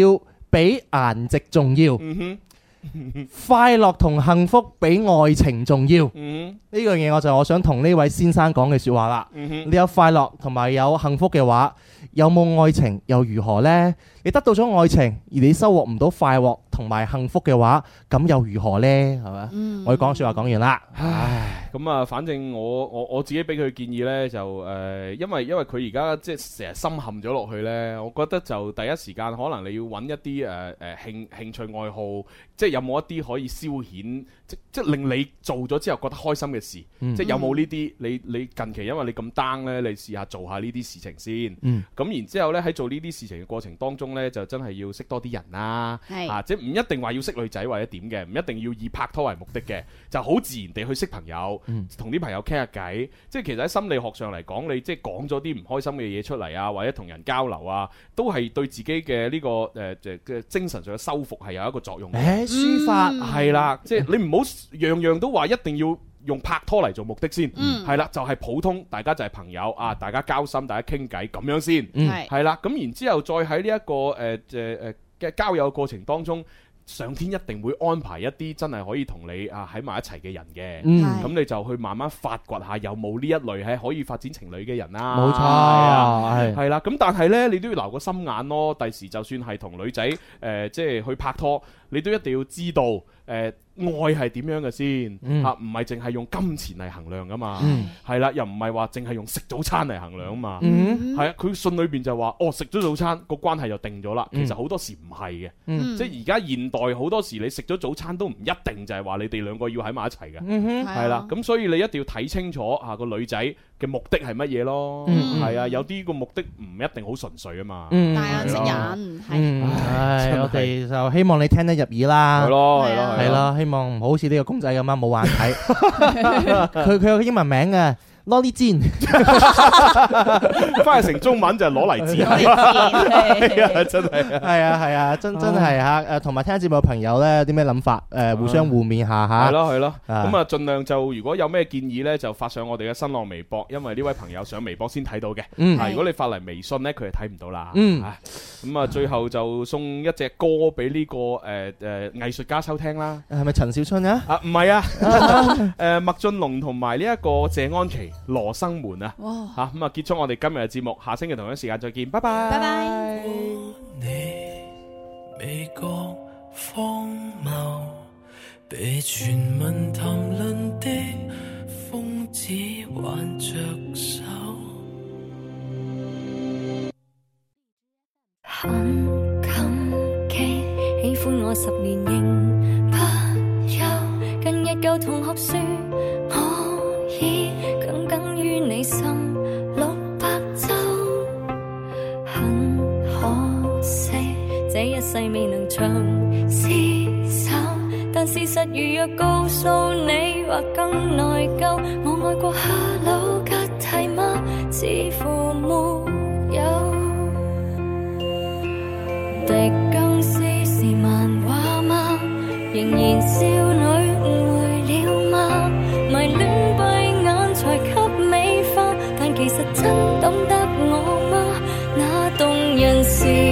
比顏值重要，嗯、哼 快樂同幸福比愛情重要。呢樣嘢我就我想同呢位先生講嘅說話啦。嗯、哼你有快樂同埋有幸福嘅話，有冇愛情又如何呢？你得到咗愛情，而你收穫唔到快樂同埋幸福嘅話，咁又如何咧？係咪？我講説話講完啦。唉，咁啊，反正我我我自己俾佢建議咧，就誒，因為因為佢而家即係成日深陷咗落去咧，我覺得就第一時間可能你要揾一啲誒誒興興趣愛好，即係有冇一啲可以消遣，即即令你做咗之後覺得開心嘅事，即係有冇呢啲？你你近期因為你咁 down 咧，你試下做下呢啲事情先。嗯。咁然之後咧，喺做呢啲事情嘅過程當中。咧就真係要識多啲人啦，啊，即唔是、啊就是、一定話要識女仔或者點嘅，唔一定要以拍拖為目的嘅，就好自然地去識朋友，同啲、嗯、朋友傾下偈。即、就、係、是、其實喺心理學上嚟講，你即係講咗啲唔開心嘅嘢出嚟啊，或者同人交流啊，都係對自己嘅呢、這個誒嘅、呃、精神上嘅修復係有一個作用。誒、欸，書法係啦，即係、就是、你唔好樣樣都話一定要。用拍拖嚟做目的先，係啦，就係普通，大家就係朋友啊，大家交心，大家傾偈咁樣先，係啦，咁然之後再喺呢一個誒誒嘅交友過程當中，上天一定會安排一啲真係可以同你啊喺埋一齊嘅人嘅，咁你就去慢慢發掘下有冇呢一類係可以發展情侶嘅人啦，冇錯，係啦，咁但係呢，你都要留個心眼咯，第時就算係同女仔誒即係去拍拖，你都一定要知道。誒、呃、愛係點樣嘅先？嚇、嗯，唔係淨係用金錢嚟衡量㗎嘛，係啦、嗯，又唔係話淨係用食早餐嚟衡量啊嘛，係啊、嗯哼，佢信裏邊就話，哦，食咗早餐個關係就定咗啦。其實好多時唔係嘅，嗯嗯、即係而家現代好多時你食咗早餐都唔一定就係話你哋兩個要喺埋一齊嘅，係啦。咁所以你一定要睇清楚嚇個、啊、女仔。嘅目的係乜嘢咯？係、嗯、啊，有啲個目的唔一定好純粹啊嘛。大眼睛人係，我哋就希望你聽得入耳啦。係咯，係咯，係咯。希望唔好似呢個公仔咁樣冇眼睇。佢佢有個英文名嘅。攞啲煎，翻譯成中文就係攞嚟自係啊，真係，係啊，係啊，真真係吓，誒，同埋聽節目嘅朋友咧，有啲咩諗法，誒，互相互勉下吓，係咯，係咯，咁啊，盡量就如果有咩建議咧，就發上我哋嘅新浪微博，因為呢位朋友上微博先睇到嘅，嗯，啊，如果你發嚟微信咧，佢係睇唔到啦，嗯，咁啊，最後就送一隻歌俾呢個誒誒藝術家收聽啦，係咪陳小春啊？啊，唔係啊，誒，麥浚龍同埋呢一個謝安琪。羅生門啊，吓咁哇啊！結束我哋今日嘅節目，下星期同樣時間再見，拜拜，拜拜 bye。這一世未能長廝守，但事實如若告訴你，或更內疚。我愛過哈囉吉蒂嗎？似乎沒有。狄更斯是漫畫嗎？仍然少女誤會了嗎？迷戀閉眼才給美化，但其實真懂得我嗎？那動人時。